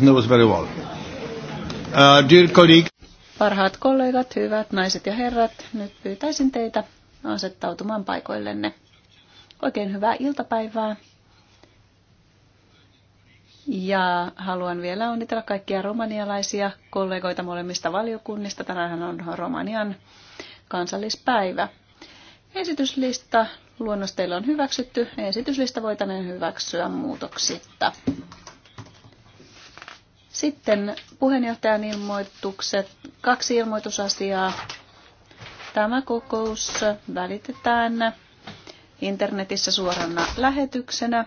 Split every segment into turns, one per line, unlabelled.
knows very well. Uh, dear colleague.
Parhaat kollegat, hyvät naiset ja herrat, nyt pyytäisin teitä asettautumaan paikoillenne. Oikein hyvää iltapäivää. Ja haluan vielä onnitella kaikkia romanialaisia kollegoita molemmista valiokunnista. Tänään on Romanian kansallispäivä. Esityslista luonnos on hyväksytty. Esityslista voitaneen hyväksyä muutoksitta. Sitten puheenjohtajan ilmoitukset, kaksi ilmoitusasiaa. Tämä kokous välitetään internetissä suorana lähetyksenä.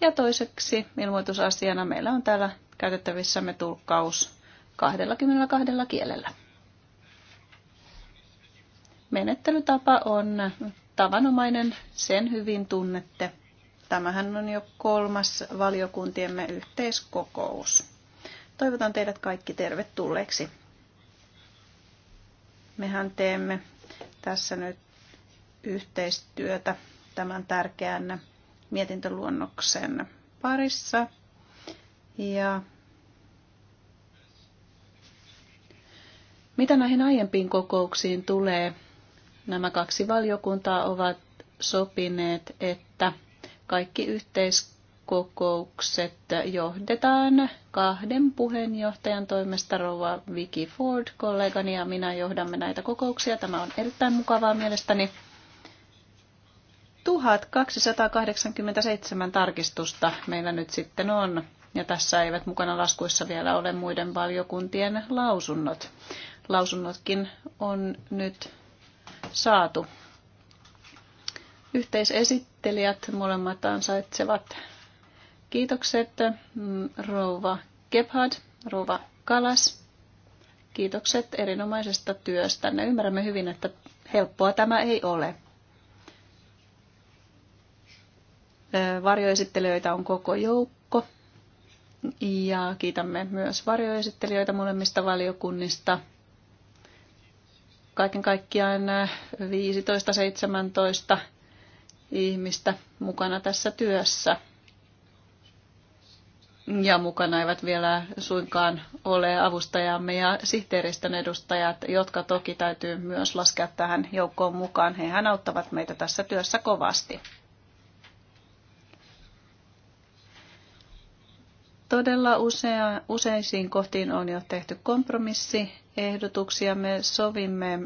Ja toiseksi ilmoitusasiana meillä on täällä käytettävissämme tulkkaus 22 kielellä. Menettelytapa on tavanomainen, sen hyvin tunnette. Tämähän on jo kolmas valiokuntiemme yhteiskokous. Toivotan teidät kaikki tervetulleeksi. Mehän teemme tässä nyt yhteistyötä tämän tärkeän mietintöluonnoksen parissa. Ja mitä näihin aiempiin kokouksiin tulee, nämä kaksi valiokuntaa ovat sopineet, että – kaikki yhteiskokoukset johdetaan kahden puheenjohtajan toimesta rouva Vicky Ford, kollegani ja minä johdamme näitä kokouksia. Tämä on erittäin mukavaa mielestäni. 1287 tarkistusta meillä nyt sitten on, ja tässä eivät mukana laskuissa vielä ole muiden valiokuntien lausunnot. Lausunnotkin on nyt saatu Yhteisesittelijät molemmat ansaitsevat kiitokset mm, rouva Gebhard, rouva Kalas. Kiitokset erinomaisesta työstä. Me ymmärrämme hyvin, että helppoa tämä ei ole. Varjoesittelijöitä on koko joukko. Ja kiitämme myös varjoesittelijöitä molemmista valiokunnista. Kaiken kaikkiaan 15-17 ihmistä mukana tässä työssä. Ja mukana eivät vielä suinkaan ole avustajamme ja sihteeristön edustajat, jotka toki täytyy myös laskea tähän joukkoon mukaan. Hehän auttavat meitä tässä työssä kovasti. Todella usea, useisiin kohtiin on jo tehty kompromissi. Ehdotuksia me sovimme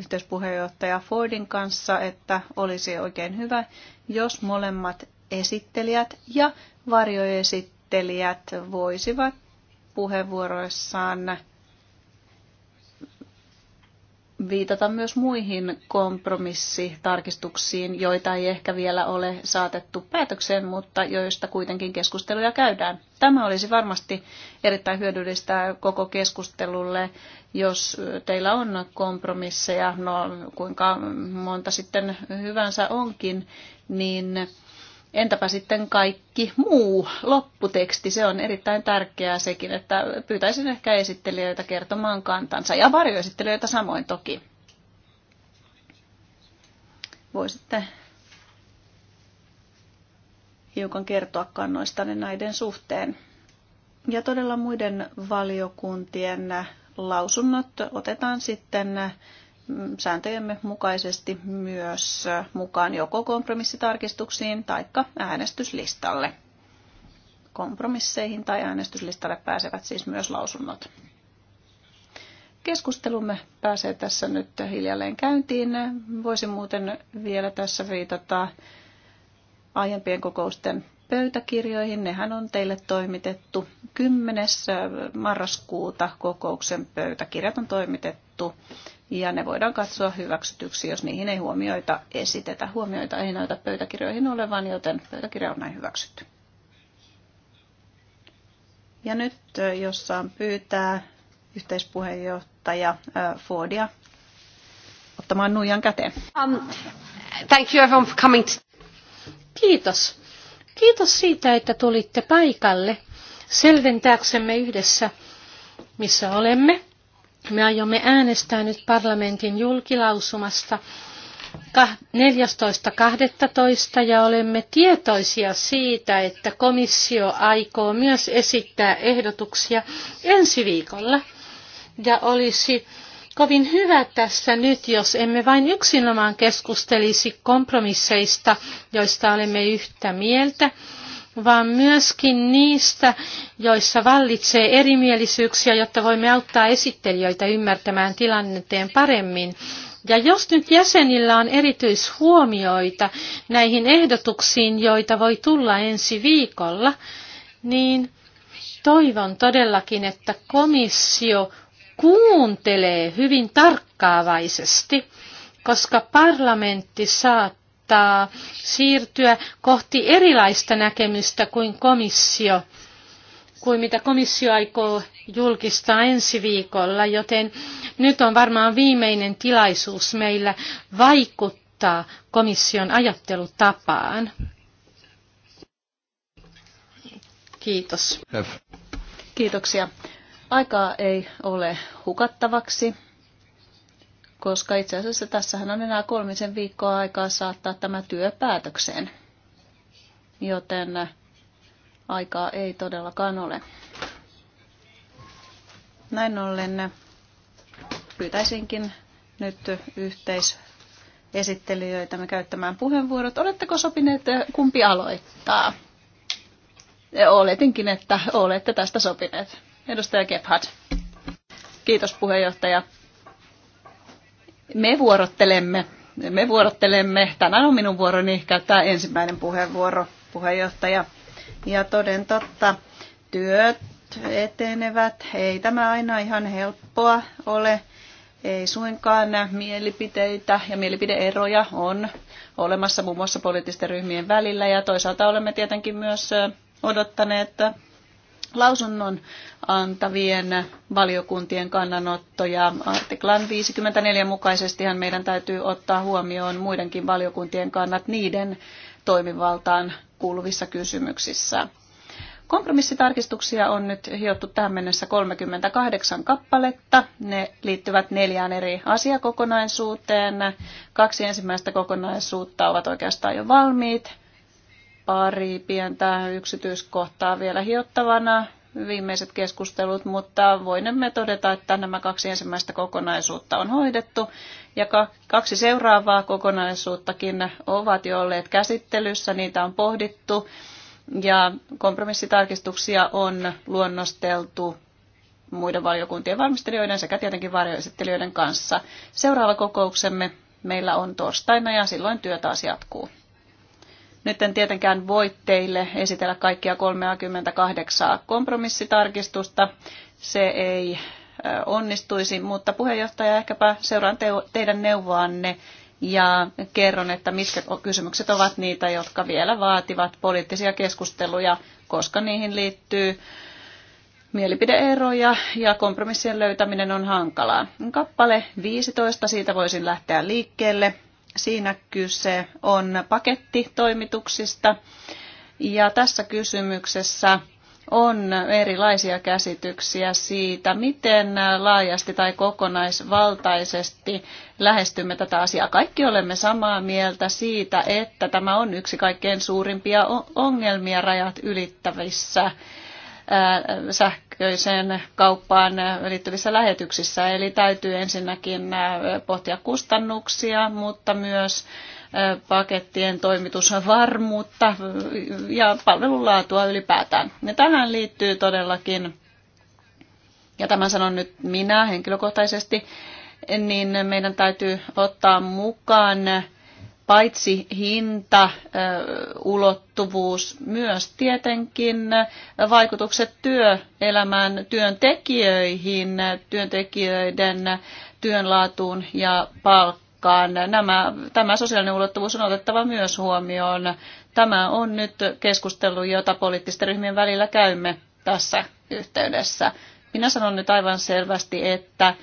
yhteispuheenjohtaja Fordin kanssa, että olisi oikein hyvä, jos molemmat esittelijät ja varjoesittelijät voisivat puheenvuoroissaan viitata myös muihin kompromissitarkistuksiin, joita ei ehkä vielä ole saatettu päätökseen, mutta joista kuitenkin keskusteluja käydään. Tämä olisi varmasti erittäin hyödyllistä koko keskustelulle, jos teillä on kompromisseja, no kuinka monta sitten hyvänsä onkin, niin Entäpä sitten kaikki muu lopputeksti? Se on erittäin tärkeää sekin, että pyytäisin ehkä esittelijöitä kertomaan kantansa ja varjoesittelijöitä samoin toki. Voisitte hiukan kertoa kannoistanne näiden suhteen. Ja todella muiden valiokuntien lausunnot otetaan sitten sääntöjemme mukaisesti myös mukaan joko kompromissitarkistuksiin tai äänestyslistalle. Kompromisseihin tai äänestyslistalle pääsevät siis myös lausunnot. Keskustelumme pääsee tässä nyt hiljalleen käyntiin. Voisin muuten vielä tässä viitata aiempien kokousten pöytäkirjoihin. Nehän on teille toimitettu 10. marraskuuta kokouksen pöytäkirjat on toimitettu ja ne voidaan katsoa hyväksytyksi, jos niihin ei huomioita esitetä. Huomioita ei näytä pöytäkirjoihin olevan, joten pöytäkirja on näin hyväksytty. Ja nyt, jos saan pyytää yhteispuheenjohtaja Fordia ottamaan nuijan käteen. Um,
thank you everyone for coming. Kiitos. Kiitos siitä, että tulitte paikalle selventääksemme yhdessä, missä olemme me aiomme äänestää nyt parlamentin julkilausumasta 14.12. ja olemme tietoisia siitä, että komissio aikoo myös esittää ehdotuksia ensi viikolla. Ja olisi kovin hyvä tässä nyt, jos emme vain yksinomaan keskustelisi kompromisseista, joista olemme yhtä mieltä, vaan myöskin niistä, joissa vallitsee erimielisyyksiä, jotta voimme auttaa esittelijöitä ymmärtämään tilanteen paremmin. Ja jos nyt jäsenillä on erityishuomioita näihin ehdotuksiin, joita voi tulla ensi viikolla, niin toivon todellakin, että komissio kuuntelee hyvin tarkkaavaisesti, koska parlamentti saa kannattaa siirtyä kohti erilaista näkemystä kuin komissio kuin mitä komissio aikoo julkistaa ensi viikolla, joten nyt on varmaan viimeinen tilaisuus meillä vaikuttaa komission ajattelutapaan. Kiitos. Kiitoksia. Aikaa ei
ole hukattavaksi koska itse asiassa tässähän on enää kolmisen viikkoa aikaa saattaa tämä työ päätökseen. Joten äh, aikaa ei todellakaan ole. Näin ollen äh, pyytäisinkin nyt me käyttämään puheenvuorot. Oletteko sopineet, äh, kumpi aloittaa? Oletinkin, että olette tästä sopineet. Edustaja Gebhardt. Kiitos puheenjohtaja. Me vuorottelemme. Me vuorottelemme. Tänään on minun vuoroni käyttää ensimmäinen puheenvuoro, puheenjohtaja. Ja toden totta, työt etenevät. Ei tämä aina ihan helppoa ole. Ei suinkaan mielipiteitä ja mielipideeroja on olemassa muun muassa poliittisten ryhmien välillä ja toisaalta olemme tietenkin myös odottaneet lausunnon antavien valiokuntien kannanottoja. Artiklan 54 mukaisestihan meidän täytyy ottaa huomioon muidenkin valiokuntien kannat niiden toimivaltaan kuuluvissa kysymyksissä. Kompromissitarkistuksia on nyt hiottu tähän mennessä 38 kappaletta. Ne liittyvät neljään eri asiakokonaisuuteen. Kaksi ensimmäistä kokonaisuutta ovat oikeastaan jo valmiit pari pientä yksityiskohtaa vielä hiottavana viimeiset keskustelut, mutta voinemme todeta, että nämä kaksi ensimmäistä kokonaisuutta on hoidettu ja kaksi seuraavaa kokonaisuuttakin ovat jo olleet käsittelyssä, niitä on pohdittu ja kompromissitarkistuksia on luonnosteltu muiden valiokuntien valmistelijoiden sekä tietenkin varjoesittelijöiden kanssa. Seuraava kokouksemme meillä on torstaina ja silloin työ taas jatkuu. Nyt en tietenkään voi teille esitellä kaikkia 38 kompromissitarkistusta. Se ei onnistuisi, mutta puheenjohtaja, ehkäpä seuraan te- teidän neuvoanne ja kerron, että mitkä kysymykset ovat niitä, jotka vielä vaativat poliittisia keskusteluja, koska niihin liittyy mielipideeroja ja kompromissien löytäminen on hankalaa. Kappale 15, siitä voisin lähteä liikkeelle. Siinä kyse on pakettitoimituksista ja tässä kysymyksessä on erilaisia käsityksiä siitä, miten laajasti tai kokonaisvaltaisesti lähestymme tätä asiaa. Kaikki olemme samaa mieltä siitä, että tämä on yksi kaikkein suurimpia ongelmia rajat ylittävissä sähkö sähköiseen kauppaan liittyvissä lähetyksissä. Eli täytyy ensinnäkin äh, pohtia kustannuksia, mutta myös äh, pakettien toimitusvarmuutta äh, ja laatua ylipäätään. Ja tähän liittyy todellakin, ja tämän sanon nyt minä henkilökohtaisesti, niin meidän täytyy ottaa mukaan paitsi hinta, ulottuvuus, myös tietenkin vaikutukset työelämään, työntekijöihin, työntekijöiden työnlaatuun ja palkkaan. Nämä, tämä sosiaalinen ulottuvuus on otettava myös huomioon. Tämä on nyt keskustelu, jota poliittisten ryhmien välillä käymme tässä yhteydessä. Minä sanon nyt aivan selvästi, että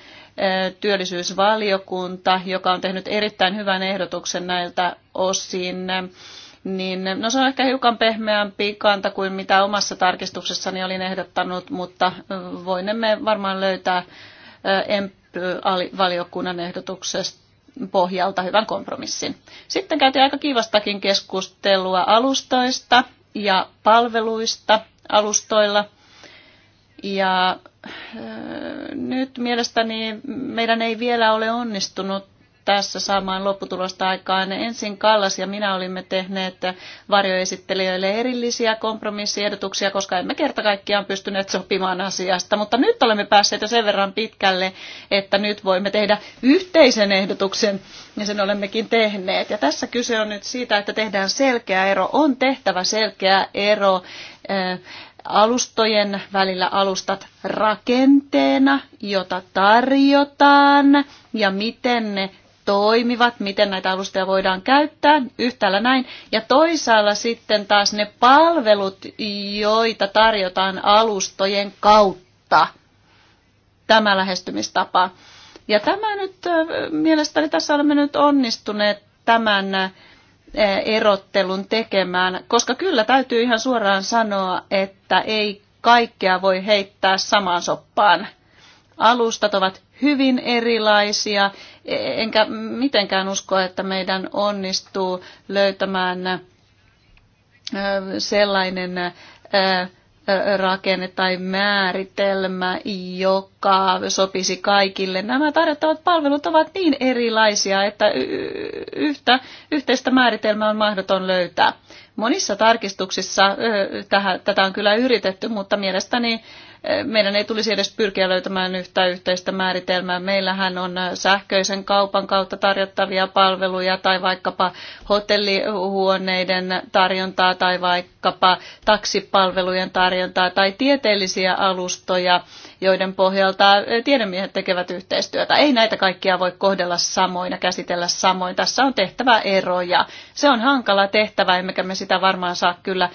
työllisyysvaliokunta, joka on tehnyt erittäin hyvän ehdotuksen näiltä osin, niin no se on ehkä hiukan pehmeämpi kanta kuin mitä omassa tarkistuksessani olin ehdottanut, mutta voinemme varmaan löytää valiokunnan ehdotuksesta pohjalta hyvän kompromissin. Sitten käytiin aika kiivastakin keskustelua alustoista ja palveluista alustoilla – ja nyt mielestäni meidän ei vielä ole onnistunut tässä saamaan lopputulosta aikaan. Ensin Kallas ja minä olimme tehneet varjoesittelijöille erillisiä kompromissiehdotuksia, koska emme kerta kaikkiaan pystyneet sopimaan asiasta. Mutta nyt olemme päässeet jo sen verran pitkälle, että nyt voimme tehdä yhteisen ehdotuksen, ja sen olemmekin tehneet. Ja tässä kyse on nyt siitä, että tehdään selkeä ero. On tehtävä selkeä ero alustojen välillä alustat rakenteena, jota tarjotaan ja miten ne toimivat, miten näitä alustoja voidaan käyttää, yhtäällä näin. Ja toisaalla sitten taas ne palvelut, joita tarjotaan alustojen kautta. Tämä lähestymistapa. Ja tämä nyt, mielestäni tässä olemme nyt onnistuneet tämän Eh, erottelun tekemään, koska kyllä täytyy ihan suoraan sanoa, että ei kaikkea voi heittää samaan soppaan. Alustat ovat hyvin erilaisia, enkä mitenkään usko, että meidän onnistuu löytämään eh, sellainen eh, rakenne tai määritelmä, joka sopisi kaikille. Nämä tarjottavat palvelut ovat niin erilaisia, että yhtä, yhteistä määritelmää on mahdoton löytää. Monissa tarkistuksissa tähän, tätä on kyllä yritetty, mutta mielestäni meidän ei tulisi edes pyrkiä löytämään yhtä yhteistä määritelmää. Meillähän on sähköisen kaupan kautta tarjottavia palveluja tai vaikkapa hotellihuoneiden tarjontaa tai vaikkapa taksipalvelujen tarjontaa tai tieteellisiä alustoja, joiden pohjalta tiedemiehet tekevät yhteistyötä. Ei näitä kaikkia voi kohdella samoin ja käsitellä samoin. Tässä on tehtävä eroja. Se on hankala tehtävä, emmekä me sitä varmaan saa kyllä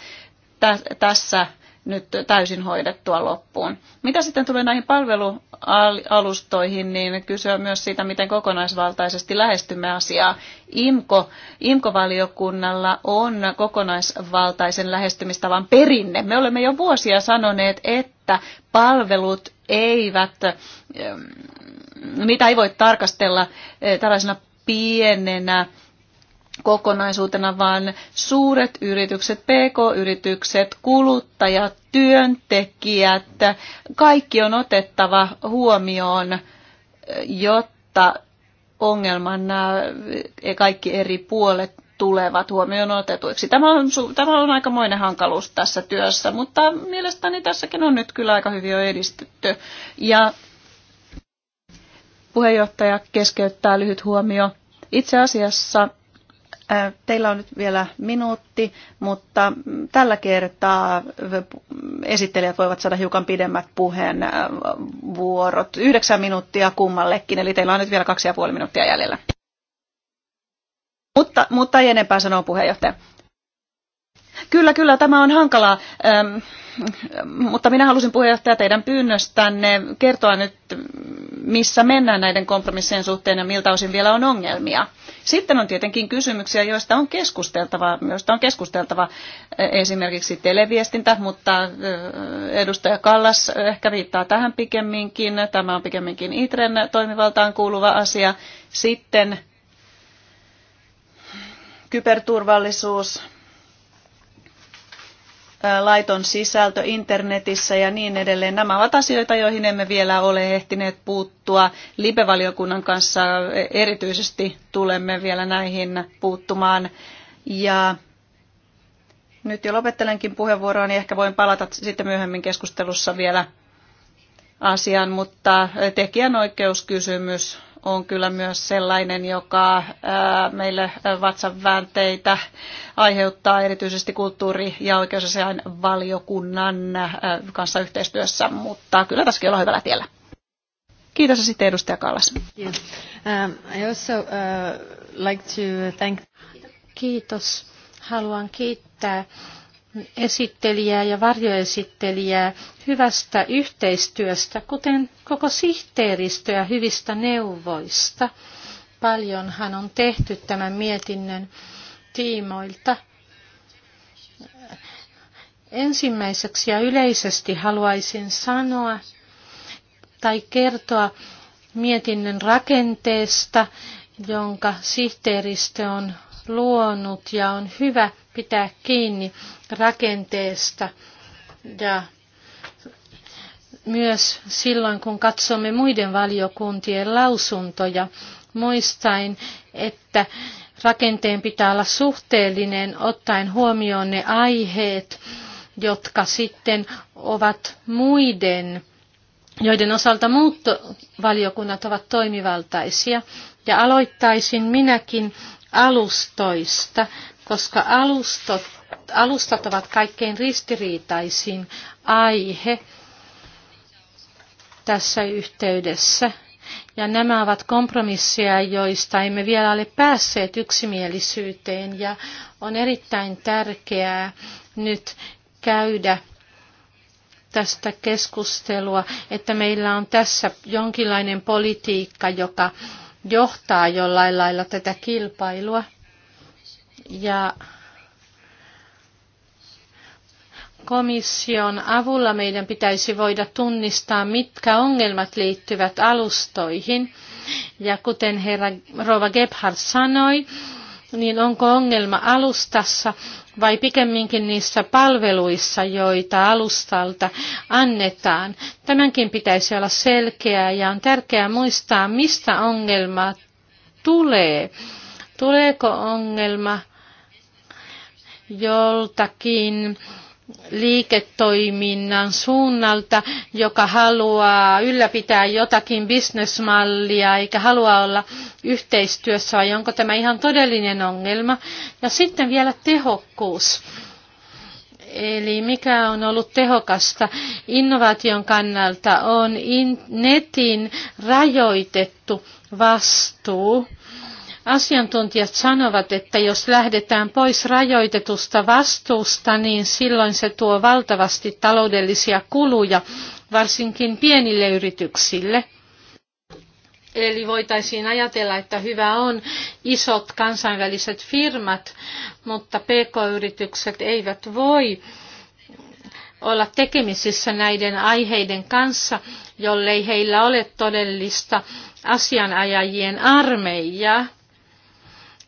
tässä nyt täysin hoidettua loppuun. Mitä sitten tulee näihin palvelualustoihin, niin kysyä myös siitä, miten kokonaisvaltaisesti lähestymme asiaa. IMKO, IMKO-valiokunnalla on kokonaisvaltaisen lähestymistavan perinne. Me olemme jo vuosia sanoneet, että palvelut eivät, Mitä ei voi tarkastella eh, tällaisena pienenä kokonaisuutena, vaan suuret yritykset, pk-yritykset, kuluttajat, työntekijät, kaikki on otettava huomioon, jotta ongelman nämä kaikki eri puolet tulevat huomioon otetuiksi. Tämä on, tämä on aikamoinen hankaluus tässä työssä, mutta mielestäni tässäkin on nyt kyllä aika hyvin jo edistytty. Ja puheenjohtaja keskeyttää lyhyt huomio. Itse asiassa Äh, teillä on nyt vielä minuutti, mutta tällä kertaa esittelijät voivat saada hiukan pidemmät puheenvuorot. Äh, Yhdeksän minuuttia kummallekin, eli teillä on nyt vielä kaksi ja puoli minuuttia jäljellä. Mutta, mutta ei enempää sanoa puheenjohtaja. Kyllä, kyllä, tämä on hankalaa, ähm, mutta minä halusin puheenjohtaja teidän pyynnöstänne kertoa nyt, missä mennään näiden kompromissien suhteen ja miltä osin vielä on ongelmia. Sitten on tietenkin kysymyksiä, joista on keskusteltava, joista on keskusteltava e, esimerkiksi televiestintä, mutta e, edustaja Kallas ehkä viittaa tähän pikemminkin. Tämä on pikemminkin ITREN toimivaltaan kuuluva asia. Sitten kyberturvallisuus laiton sisältö internetissä ja niin edelleen. Nämä ovat asioita, joihin emme vielä ole ehtineet puuttua. Libevaliokunnan kanssa erityisesti tulemme vielä näihin puuttumaan. Ja nyt jo lopettelenkin puheenvuoroa, niin ehkä voin palata sitten myöhemmin keskustelussa vielä asiaan, mutta tekijänoikeuskysymys on kyllä myös sellainen, joka meille vatsanväänteitä aiheuttaa erityisesti kulttuuri- ja oikeusasian valiokunnan kanssa yhteistyössä, mutta kyllä tässäkin ollaan hyvällä tiellä. Kiitos ja sitten edustaja Kallas.
Um, uh, Kiitos. Haluan kiittää esittelijää ja varjoesittelijää hyvästä yhteistyöstä, kuten koko sihteeristöä hyvistä neuvoista. Paljonhan on tehty tämän mietinnön tiimoilta. Ensimmäiseksi ja yleisesti haluaisin sanoa tai kertoa mietinnön rakenteesta, jonka sihteeristö on luonut ja on hyvä pitää kiinni rakenteesta ja myös silloin, kun katsomme muiden valiokuntien lausuntoja, muistain, että rakenteen pitää olla suhteellinen ottaen huomioon ne aiheet, jotka sitten ovat muiden, joiden osalta muut valiokunnat ovat toimivaltaisia. Ja aloittaisin minäkin alustoista, koska alustot, alustat ovat kaikkein ristiriitaisin aihe tässä yhteydessä. Ja nämä ovat kompromisseja, joista emme vielä ole päässeet yksimielisyyteen. Ja on erittäin tärkeää nyt käydä tästä keskustelua, että meillä on tässä jonkinlainen politiikka, joka johtaa jollain lailla tätä kilpailua. Ja komission avulla meidän pitäisi voida tunnistaa, mitkä ongelmat liittyvät alustoihin. Ja kuten herra Rova Gebhardt sanoi, niin onko ongelma alustassa vai pikemminkin niissä palveluissa, joita alustalta annetaan. Tämänkin pitäisi olla selkeää ja on tärkeää muistaa, mistä ongelma tulee. Tuleeko ongelma joltakin liiketoiminnan suunnalta, joka haluaa ylläpitää jotakin bisnesmallia eikä halua olla yhteistyössä, vai onko tämä ihan todellinen ongelma? Ja sitten vielä tehokkuus. Eli mikä on ollut tehokasta innovaation kannalta on in, netin rajoitettu vastuu Asiantuntijat sanovat, että jos lähdetään pois rajoitetusta vastuusta, niin silloin se tuo valtavasti taloudellisia kuluja, varsinkin pienille yrityksille. Eli voitaisiin ajatella, että hyvä on isot kansainväliset firmat, mutta pk-yritykset eivät voi olla tekemisissä näiden aiheiden kanssa, jollei heillä ole todellista asianajajien armeijaa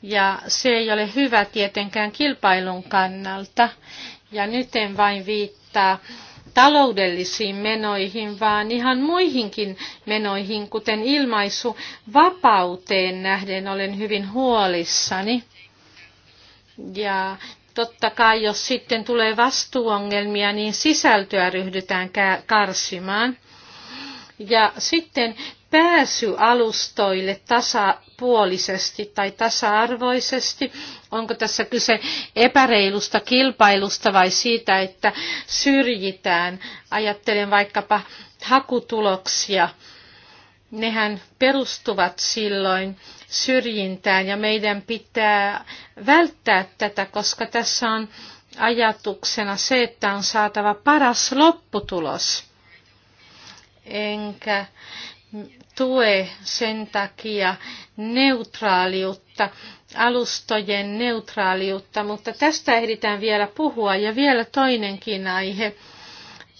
ja se ei ole hyvä tietenkään kilpailun kannalta. Ja nyt en vain viittaa taloudellisiin menoihin, vaan ihan muihinkin menoihin, kuten ilmaisu vapauteen nähden olen hyvin huolissani. Ja totta kai, jos sitten tulee vastuuongelmia, niin sisältöä ryhdytään karsimaan. Ja sitten pääsy alustoille tasapuolisesti tai tasa-arvoisesti? Onko tässä kyse epäreilusta kilpailusta vai siitä, että syrjitään? Ajattelen vaikkapa hakutuloksia. Nehän perustuvat silloin syrjintään ja meidän pitää välttää tätä, koska tässä on ajatuksena se, että on saatava paras lopputulos. Enkä tue sen takia neutraaliutta, alustojen neutraaliutta, mutta tästä ehditään vielä puhua. Ja vielä toinenkin aihe,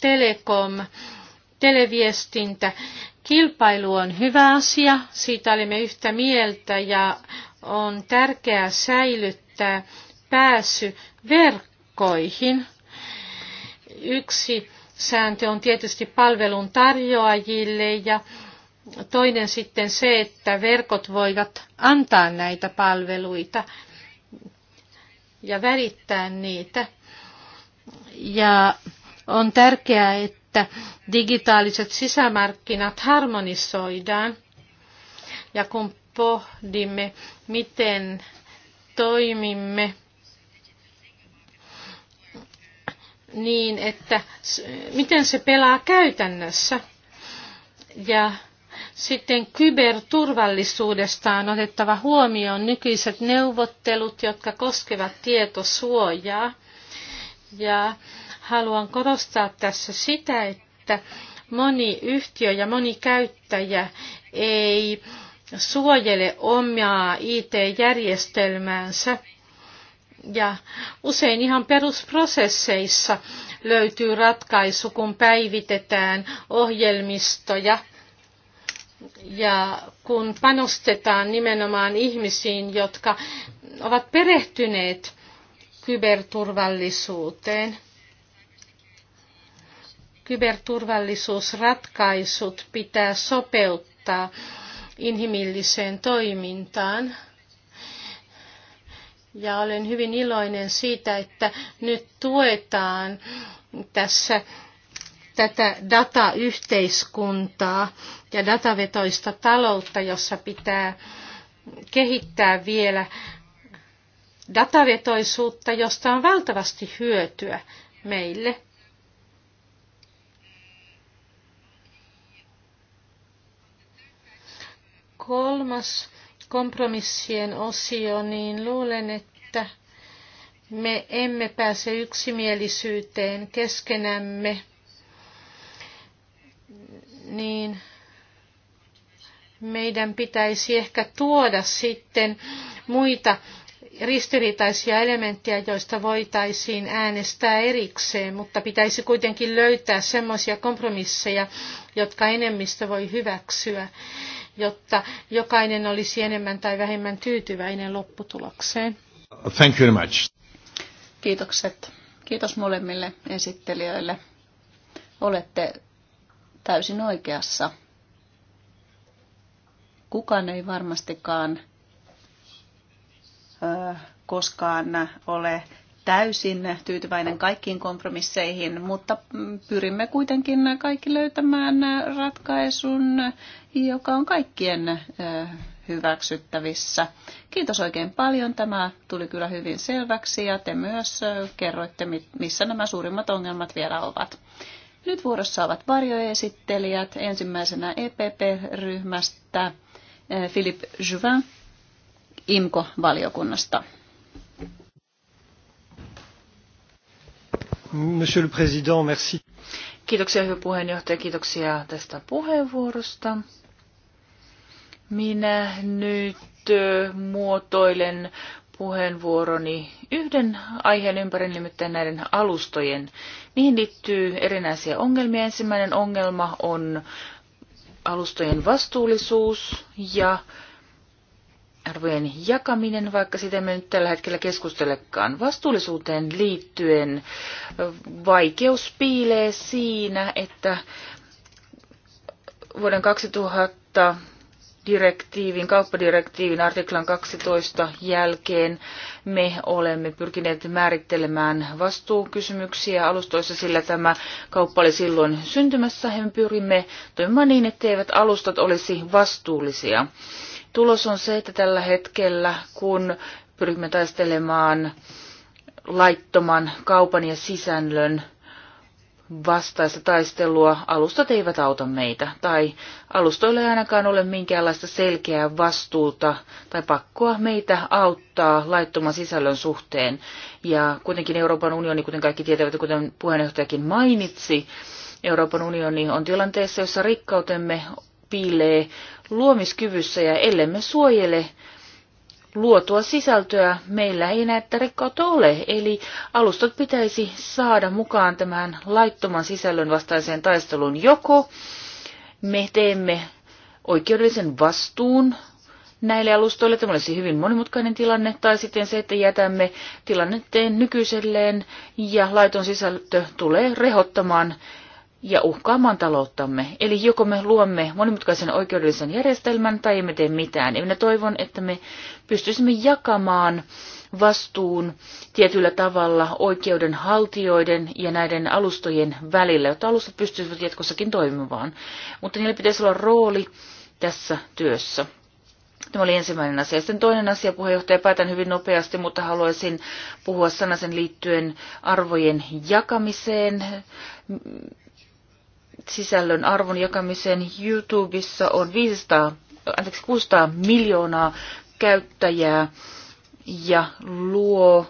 telekom, televiestintä. Kilpailu on hyvä asia, siitä olimme yhtä mieltä ja on tärkeää säilyttää pääsy verkkoihin. Yksi sääntö on tietysti palvelun tarjoajille ja Toinen sitten se, että verkot voivat antaa näitä palveluita ja välittää niitä. Ja on tärkeää, että digitaaliset sisämarkkinat harmonisoidaan. Ja kun pohdimme, miten toimimme niin, että miten se pelaa käytännössä. Ja sitten kyberturvallisuudesta on otettava huomioon nykyiset neuvottelut, jotka koskevat tietosuojaa. Ja haluan korostaa tässä sitä, että moni yhtiö ja moni käyttäjä ei suojele omaa IT-järjestelmäänsä. Ja usein ihan perusprosesseissa löytyy ratkaisu, kun päivitetään ohjelmistoja – ja kun panostetaan nimenomaan ihmisiin, jotka ovat perehtyneet kyberturvallisuuteen, kyberturvallisuusratkaisut pitää sopeuttaa inhimilliseen toimintaan. Ja olen hyvin iloinen siitä, että nyt tuetaan tässä tätä datayhteiskuntaa ja datavetoista taloutta, jossa pitää kehittää vielä datavetoisuutta, josta on valtavasti hyötyä meille. Kolmas kompromissien osio, niin luulen, että me emme pääse yksimielisyyteen keskenämme niin meidän pitäisi ehkä tuoda sitten muita ristiriitaisia elementtejä, joista voitaisiin äänestää erikseen, mutta pitäisi kuitenkin löytää semmoisia kompromisseja, jotka enemmistö voi hyväksyä, jotta jokainen olisi enemmän tai vähemmän tyytyväinen lopputulokseen.
Thank you very much.
Kiitokset. Kiitos molemmille esittelijöille.
Olette täysin oikeassa. Kukaan ei varmastikaan ö, koskaan ole täysin tyytyväinen kaikkiin kompromisseihin, mutta pyrimme kuitenkin kaikki löytämään ratkaisun, joka on kaikkien hyväksyttävissä. Kiitos oikein paljon. Tämä tuli kyllä hyvin selväksi ja te myös kerroitte, missä nämä suurimmat ongelmat vielä ovat. Nyt vuorossa ovat varjoesittelijät. Ensimmäisenä EPP-ryhmästä eh, Philip Juvin IMKO-valiokunnasta.
Monsieur le Président, merci.
Kiitoksia hyvä puheenjohtaja, kiitoksia tästä puheenvuorosta. Minä nyt eh, muotoilen puheenvuoroni yhden aiheen ympäri, nimittäin näiden alustojen. Niihin liittyy erinäisiä ongelmia. Ensimmäinen ongelma on alustojen vastuullisuus ja arvojen jakaminen, vaikka sitä me nyt tällä hetkellä keskustelekaan. Vastuullisuuteen liittyen vaikeus piilee siinä, että vuoden 2000 direktiivin, kauppadirektiivin artiklan 12 jälkeen me olemme pyrkineet määrittelemään vastuukysymyksiä alustoissa, sillä tämä kauppa oli silloin syntymässä. Ja me pyrimme toimimaan niin, eivät alustat olisi vastuullisia. Tulos on se, että tällä hetkellä, kun pyrimme taistelemaan laittoman kaupan ja sisällön vastaista taistelua alustat eivät auta meitä, tai alustoilla ei ainakaan ole minkäänlaista selkeää vastuuta tai pakkoa meitä auttaa laittoman sisällön suhteen. Ja kuitenkin Euroopan unioni, kuten kaikki tietävät, kuten puheenjohtajakin mainitsi, Euroopan unioni on tilanteessa, jossa rikkautemme piilee luomiskyvyssä ja ellemme suojele luotua sisältöä. Meillä ei näitä rikkautta ole, eli alustat pitäisi saada mukaan tämän laittoman sisällön vastaiseen taisteluun joko me teemme oikeudellisen vastuun näille alustoille. Tämä olisi hyvin monimutkainen tilanne, tai sitten se, että jätämme tilannetteen nykyiselleen ja laiton sisältö tulee rehottamaan ja uhkaamaan talouttamme. Eli joko me luomme monimutkaisen oikeudellisen järjestelmän tai emme tee mitään. Ja minä toivon, että me pystyisimme jakamaan vastuun tietyllä tavalla oikeudenhaltijoiden ja näiden alustojen välillä, jotta alustat pystyisivät jatkossakin toimimaan. Mutta niillä pitäisi olla rooli tässä työssä. Tämä oli ensimmäinen asia. Sitten toinen asia, puheenjohtaja, päätän hyvin nopeasti, mutta haluaisin puhua sanasen liittyen arvojen jakamiseen sisällön arvon jakamisen. YouTubessa on 500, anteeksi, 600 miljoonaa käyttäjää ja luo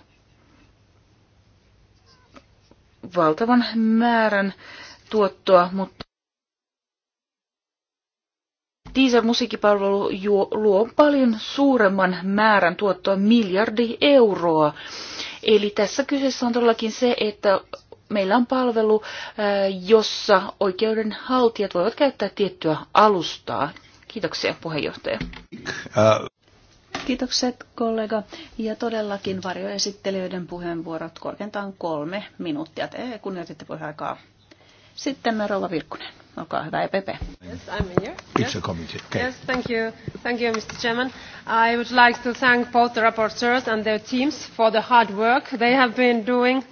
valtavan määrän tuottoa, mutta Deezer-musiikkipalvelu luo paljon suuremman määrän tuottoa, miljardi euroa. Eli tässä kyseessä on todellakin se, että meillä on palvelu, äh, jossa oikeudenhaltijat voivat käyttää tiettyä alustaa. Kiitoksia puheenjohtaja. Äh.
Kiitokset kollega. Ja todellakin varjoesittelijöiden puheenvuorot korkeintaan kolme minuuttia. Te kunnioititte puheaikaa. Sitten me Rova Virkkunen. E yes,
I'm here. Yes. It's a committee.
Okay. Yes, thank you. Thank you, Mr. Chairman. I would like to thank both the rapporteurs and their teams for the hard work they have been doing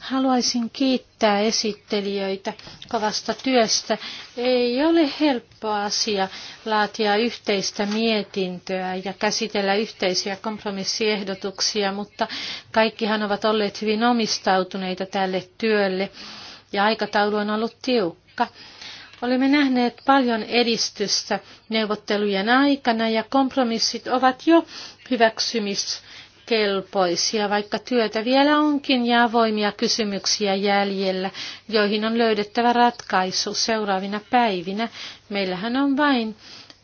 Haluaisin kiittää esittelijöitä kovasta työstä. Ei ole helppo asia laatia yhteistä mietintöä ja käsitellä yhteisiä kompromissiehdotuksia, mutta kaikkihan ovat olleet hyvin omistautuneita tälle työlle ja aikataulu on ollut tiukka. Olemme nähneet paljon edistystä neuvottelujen aikana ja kompromissit ovat jo hyväksymis kelpoisia, vaikka työtä vielä onkin ja avoimia kysymyksiä jäljellä, joihin on löydettävä ratkaisu seuraavina päivinä. Meillähän on vain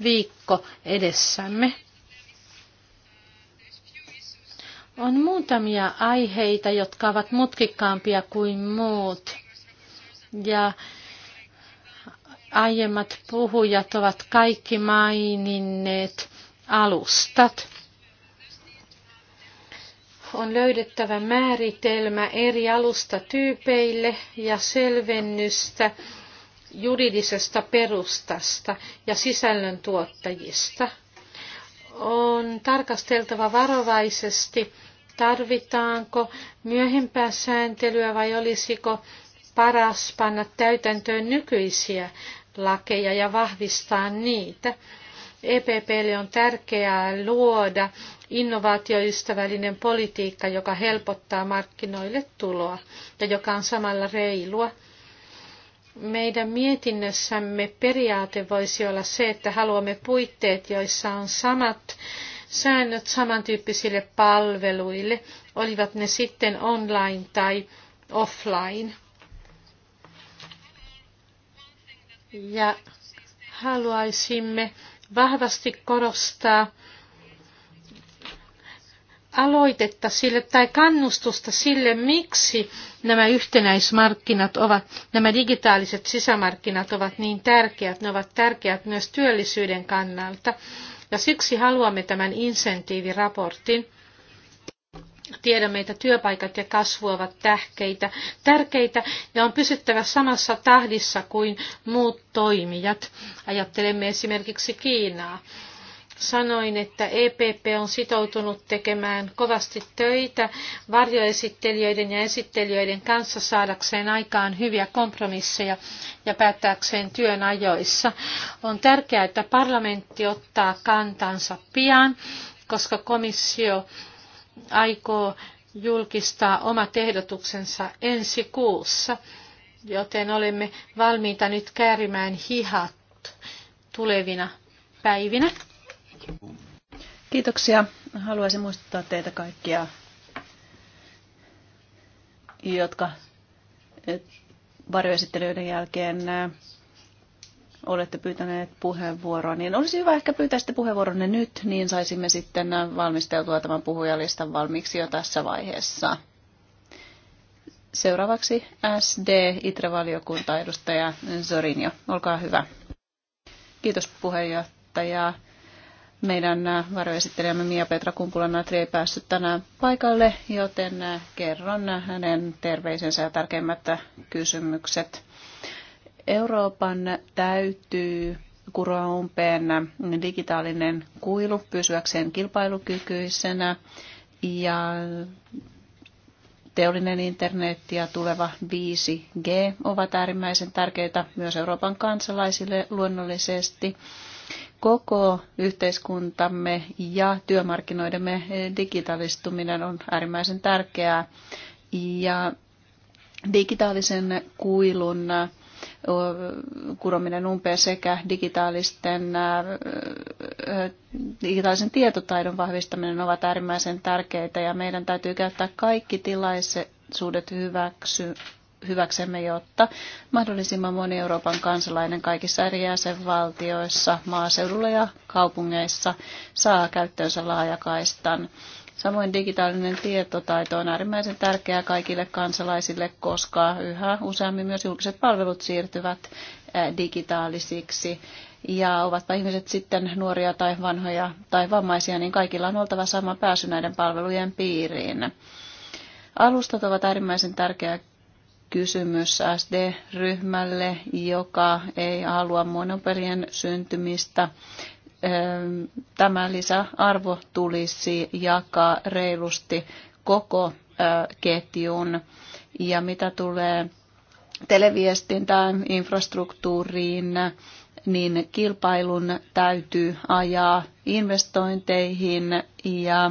viikko edessämme. On muutamia aiheita, jotka ovat mutkikkaampia kuin muut. Ja aiemmat puhujat ovat kaikki maininneet alustat on löydettävä määritelmä eri alustatyypeille ja selvennystä juridisesta perustasta ja sisällön tuottajista. On tarkasteltava varovaisesti, tarvitaanko myöhempää sääntelyä vai olisiko paras panna täytäntöön nykyisiä lakeja ja vahvistaa niitä. EPPlle on tärkeää luoda innovaatioystävällinen politiikka, joka helpottaa markkinoille tuloa ja joka on samalla reilua. Meidän mietinnössämme periaate voisi olla se, että haluamme puitteet, joissa on samat säännöt samantyyppisille palveluille, olivat ne sitten online tai offline. Ja haluaisimme vahvasti korostaa aloitetta sille tai kannustusta sille, miksi nämä yhtenäismarkkinat ovat, nämä digitaaliset sisämarkkinat ovat niin tärkeät. Ne ovat tärkeät myös työllisyyden kannalta. Ja siksi haluamme tämän insentiiviraportin. Tiedämme, että työpaikat ja kasvu ovat tähkeitä, tärkeitä ja on pysyttävä samassa tahdissa kuin muut toimijat. Ajattelemme esimerkiksi Kiinaa sanoin, että EPP on sitoutunut tekemään kovasti töitä varjoesittelijöiden ja esittelijöiden kanssa saadakseen aikaan hyviä kompromisseja ja päättääkseen työn ajoissa. On tärkeää, että parlamentti ottaa kantansa pian, koska komissio aikoo julkistaa omat ehdotuksensa ensi kuussa, joten olemme valmiita nyt käärimään hihat tulevina päivinä.
Kiitoksia. Haluaisin muistuttaa teitä kaikkia, jotka eh, varjoesittelyiden jälkeen eh, olette pyytäneet puheenvuoroa, niin olisi hyvä ehkä pyytää sitten puheenvuoronne nyt, niin saisimme sitten valmisteltua tämän puhujalistan valmiiksi jo tässä vaiheessa. Seuraavaksi SD Itre-valiokunta edustaja Zorinjo. Olkaa hyvä. Kiitos puheenjohtaja. Meidän äh, varoesittelijämme Mia Petra Kumpula-Natri ei päässyt tänään paikalle, joten äh, kerron hänen terveisensä ja tärkeimmät äh, kysymykset. Euroopan täytyy kuroa umpeen digitaalinen kuilu pysyäkseen kilpailukykyisenä ja teollinen internet ja tuleva 5G ovat äärimmäisen tärkeitä myös Euroopan kansalaisille luonnollisesti. Koko yhteiskuntamme ja työmarkkinoidemme digitalistuminen on äärimmäisen tärkeää ja digitaalisen kuilun kurominen umpeen sekä digitaalisten, digitaalisen tietotaidon vahvistaminen ovat äärimmäisen tärkeitä ja meidän täytyy käyttää kaikki tilaisuudet hyväksy, hyväksemme, jotta mahdollisimman moni Euroopan kansalainen kaikissa eri jäsenvaltioissa, maaseudulla ja kaupungeissa saa käyttöönsä laajakaistan. Samoin digitaalinen tietotaito on äärimmäisen tärkeää kaikille kansalaisille, koska yhä useammin myös julkiset palvelut siirtyvät digitaalisiksi. Ja ovatpa ihmiset sitten nuoria tai vanhoja tai vammaisia, niin kaikilla on oltava sama pääsy näiden palvelujen piiriin. Alustat ovat äärimmäisen tärkeä kysymys SD-ryhmälle, joka ei halua monoperien syntymistä. Tämä lisäarvo tulisi jakaa reilusti koko ketjun. Ja mitä tulee televiestintään, infrastruktuuriin, niin kilpailun täytyy ajaa investointeihin ja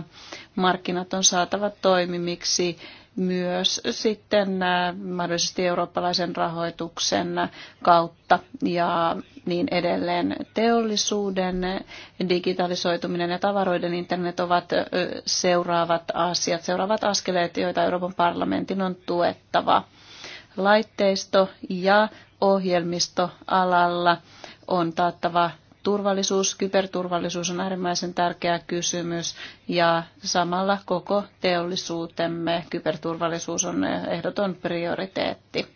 markkinat on saatava toimimiksi myös sitten äh, mahdollisesti eurooppalaisen rahoituksen kautta ja niin edelleen. Teollisuuden digitalisoituminen ja tavaroiden internet ovat seuraavat asiat, seuraavat askeleet, joita Euroopan parlamentin on tuettava. Laitteisto- ja ohjelmistoalalla on taattava turvallisuus, kyberturvallisuus on äärimmäisen tärkeä kysymys ja samalla koko teollisuutemme kyberturvallisuus on ehdoton prioriteetti.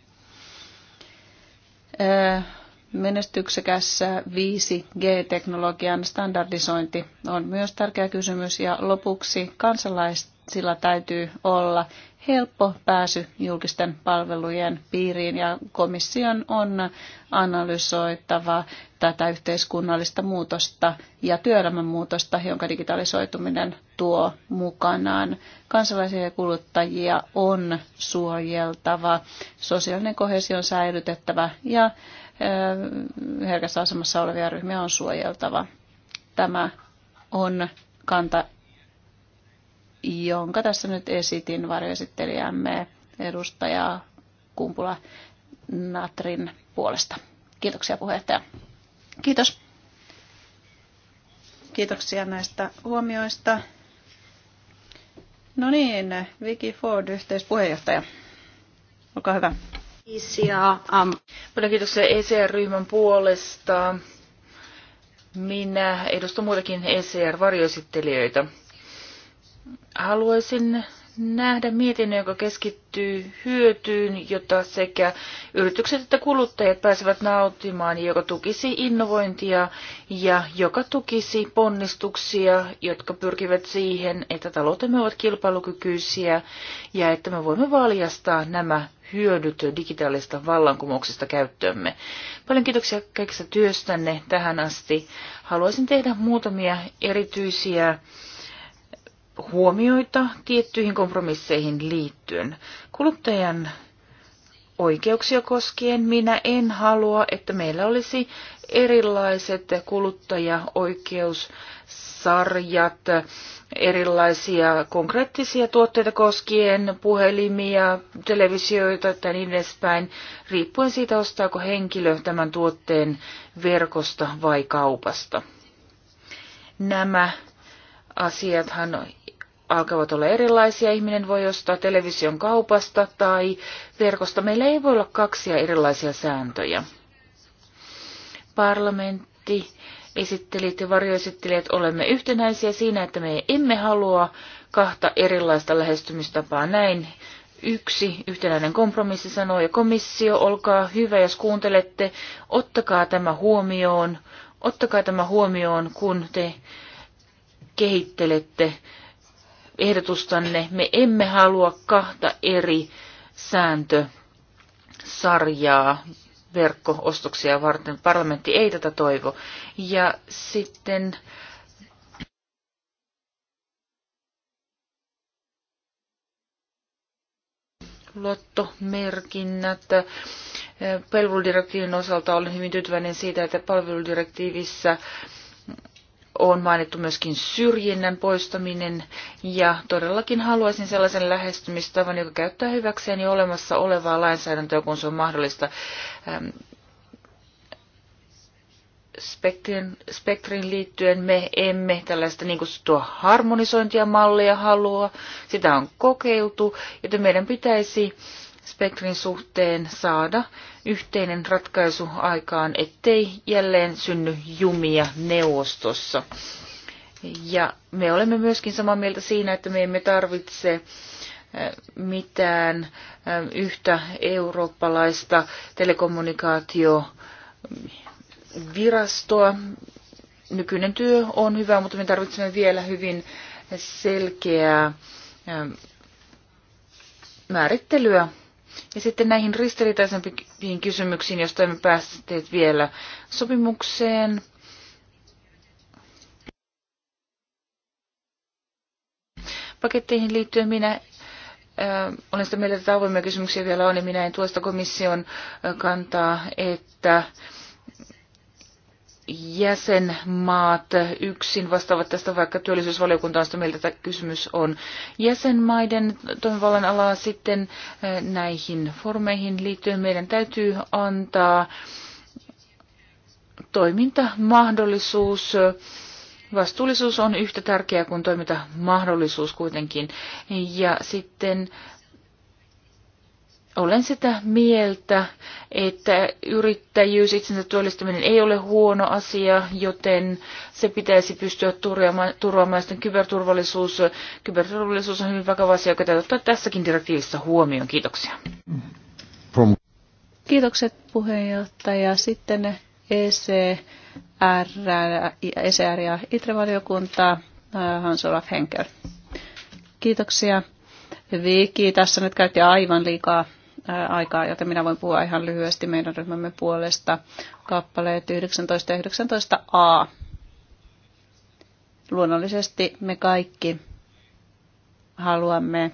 Menestyksekäs 5G-teknologian standardisointi on myös tärkeä kysymys ja lopuksi kansalaisilla täytyy olla helppo pääsy julkisten palvelujen piiriin ja komission on analysoitava tätä yhteiskunnallista muutosta ja työelämän muutosta, jonka digitalisoituminen tuo mukanaan. Kansalaisia ja kuluttajia on suojeltava, sosiaalinen kohesio on säilytettävä ja herkässä asemassa olevia ryhmiä on suojeltava. Tämä on kanta, jonka tässä nyt esitin varjoesittelijämme edustaja Kumpula Natrin puolesta. Kiitoksia puheenjohtaja. Kiitos. Kiitoksia näistä huomioista. No niin, Vicky Ford, yhteispuheenjohtaja. Olkaa hyvä. Kiitoksia.
Um, paljon kiitoksia ECR-ryhmän puolesta. Minä edustan muitakin ECR-varjoesittelijöitä. Haluaisin nähdä mietinnön, joka keskittyy hyötyyn, jota sekä yritykset että kuluttajat pääsevät nauttimaan, joka tukisi innovointia ja joka tukisi ponnistuksia, jotka pyrkivät siihen, että taloutemme ovat kilpailukykyisiä ja että me voimme valjastaa nämä hyödyt digitaalista vallankumouksesta käyttöömme. Paljon kiitoksia kaikista työstänne tähän asti. Haluaisin tehdä muutamia erityisiä huomioita tiettyihin kompromisseihin liittyen. Kuluttajan oikeuksia koskien minä en halua, että meillä olisi erilaiset kuluttajaoikeussarjat, erilaisia konkreettisia tuotteita koskien, puhelimia, televisioita tai niin edespäin, riippuen siitä, ostaako henkilö tämän tuotteen verkosta vai kaupasta. Nämä asiathan alkavat olla erilaisia. Ihminen voi ostaa television kaupasta tai verkosta. Meillä ei voi olla kaksia erilaisia sääntöjä. Parlamentti, esittelijät ja varjoesittelijät olemme yhtenäisiä siinä, että me emme halua kahta erilaista lähestymistapaa. Näin yksi yhtenäinen kompromissi sanoo, ja komissio, olkaa hyvä, jos kuuntelette, ottakaa tämä huomioon, ottakaa tämä huomioon, kun te kehittelette ehdotustanne. Me emme halua kahta eri sääntösarjaa verkko-ostoksia varten. Parlamentti ei tätä toivo. Ja sitten lottomerkinnät. Palveludirektiivin osalta olen hyvin tyytyväinen siitä, että palveludirektiivissä on mainittu myöskin syrjinnän poistaminen ja todellakin haluaisin sellaisen lähestymistavan, joka käyttää hyväkseen jo olemassa olevaa lainsäädäntöä, kun se on mahdollista ähm, spektrin, spektrin liittyen me emme tällaista niin kutsuttua harmonisointia mallia halua. Sitä on kokeiltu, joten meidän pitäisi spektrin suhteen saada yhteinen ratkaisu aikaan, ettei jälleen synny jumia neuvostossa. Ja me olemme myöskin samaa mieltä siinä, että me emme tarvitse eh, mitään eh, yhtä eurooppalaista telekommunikaatiovirastoa. Nykyinen työ on hyvä, mutta me tarvitsemme vielä hyvin selkeää eh, määrittelyä ja sitten näihin ristiriitaisempiin kysymyksiin, jos emme päässeet vielä sopimukseen. Paketteihin liittyen minä äh, olen sitä mieltä, että avoimia kysymyksiä vielä on, ja minä en tuosta komission äh, kantaa, että äh, jäsenmaat yksin vastaavat tästä, vaikka työllisyysvaliokunta on sitä mieltä, että kysymys on jäsenmaiden toimivallan alaa sitten eh, näihin formeihin liittyen. Meidän täytyy antaa toimintamahdollisuus. Vastuullisuus on yhtä tärkeää kuin toimintamahdollisuus kuitenkin. Ja sitten olen sitä mieltä, että yrittäjyys, itsensä työllistäminen ei ole huono asia, joten se pitäisi pystyä turvaamaan sitten kyberturvallisuus. Kyberturvallisuus on hyvin vakava asia, joka täytyy ottaa tässäkin direktiivissä huomioon. Kiitoksia.
Kiitokset
puheenjohtaja. Sitten ECR, ECR ja itre e valiokunta äh, Hans-Olaf Henkel. Kiitoksia. Viki tässä nyt käytti aivan liikaa aikaa, joten minä voin puhua ihan lyhyesti meidän ryhmämme puolesta kappaleet 19 ja 19a. Luonnollisesti me kaikki haluamme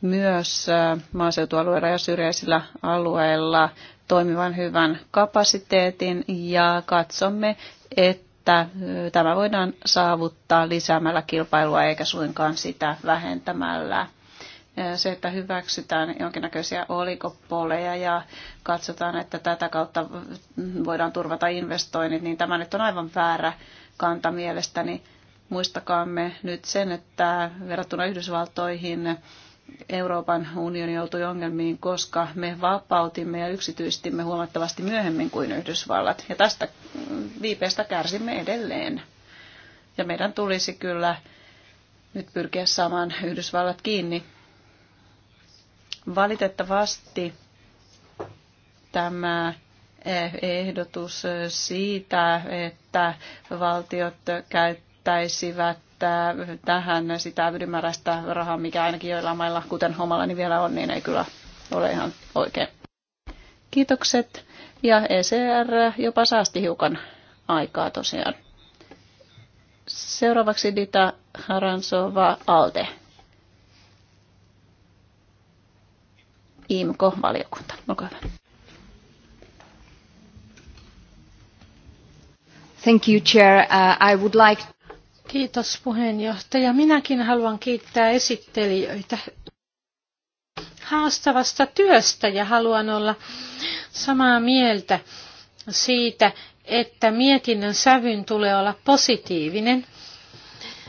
myös maaseutualueilla ja syrjäisillä alueilla toimivan hyvän kapasiteetin ja katsomme, että tämä voidaan saavuttaa lisäämällä kilpailua eikä suinkaan sitä vähentämällä se, että hyväksytään jonkinnäköisiä olikopoleja ja katsotaan, että tätä kautta voidaan turvata investoinnit, niin tämä nyt on aivan väärä kanta mielestäni. Muistakaamme nyt sen, että verrattuna Yhdysvaltoihin Euroopan unioni joutui ongelmiin, koska me vapautimme ja yksityistimme huomattavasti myöhemmin kuin Yhdysvallat. Ja tästä viipeestä kärsimme edelleen. Ja meidän tulisi kyllä nyt pyrkiä saamaan Yhdysvallat kiinni Valitettavasti tämä eh, ehdotus siitä, että valtiot käyttäisivät eh, tähän sitä ylimääräistä rahaa, mikä ainakin joilla mailla, kuten homalla, niin vielä on, niin ei kyllä ole ihan oikein. Kiitokset. Ja ECR jopa saasti hiukan aikaa tosiaan. Seuraavaksi Dita Haransova Alte.
IMKO-valiokunta. Olkaa
hyvä. Thank you, Chair. Uh, I would like... Kiitos puheenjohtaja. Minäkin haluan kiittää esittelijöitä haastavasta työstä ja haluan olla samaa mieltä siitä, että mietinnön sävyn tulee olla positiivinen.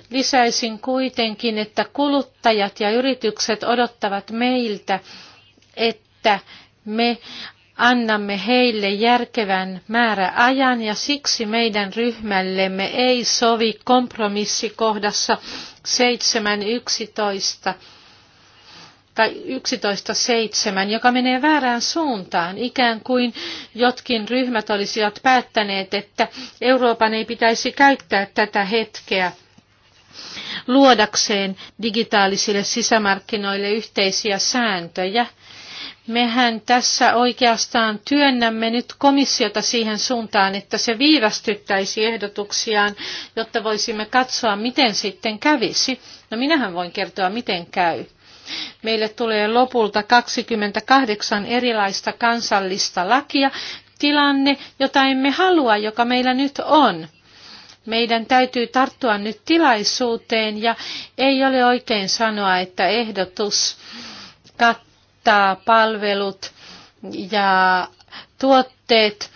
Lisäisin kuitenkin, että kuluttajat ja yritykset odottavat meiltä että me annamme heille järkevän määrä ajan ja siksi meidän ryhmällemme ei sovi kompromissikohdassa 7.11 tai 11.7, joka menee väärään suuntaan, ikään kuin jotkin ryhmät olisivat päättäneet, että Euroopan ei pitäisi käyttää tätä hetkeä luodakseen digitaalisille sisämarkkinoille yhteisiä sääntöjä – Mehän tässä oikeastaan työnnämme nyt komissiota siihen suuntaan, että se viivästyttäisi ehdotuksiaan, jotta voisimme katsoa, miten sitten kävisi. No minähän voin kertoa, miten käy. Meille tulee lopulta 28 erilaista kansallista lakia, tilanne, jota emme halua, joka meillä nyt on. Meidän täytyy tarttua nyt tilaisuuteen ja ei ole oikein sanoa, että ehdotus kattaa kattaa palvelut ja tuotteet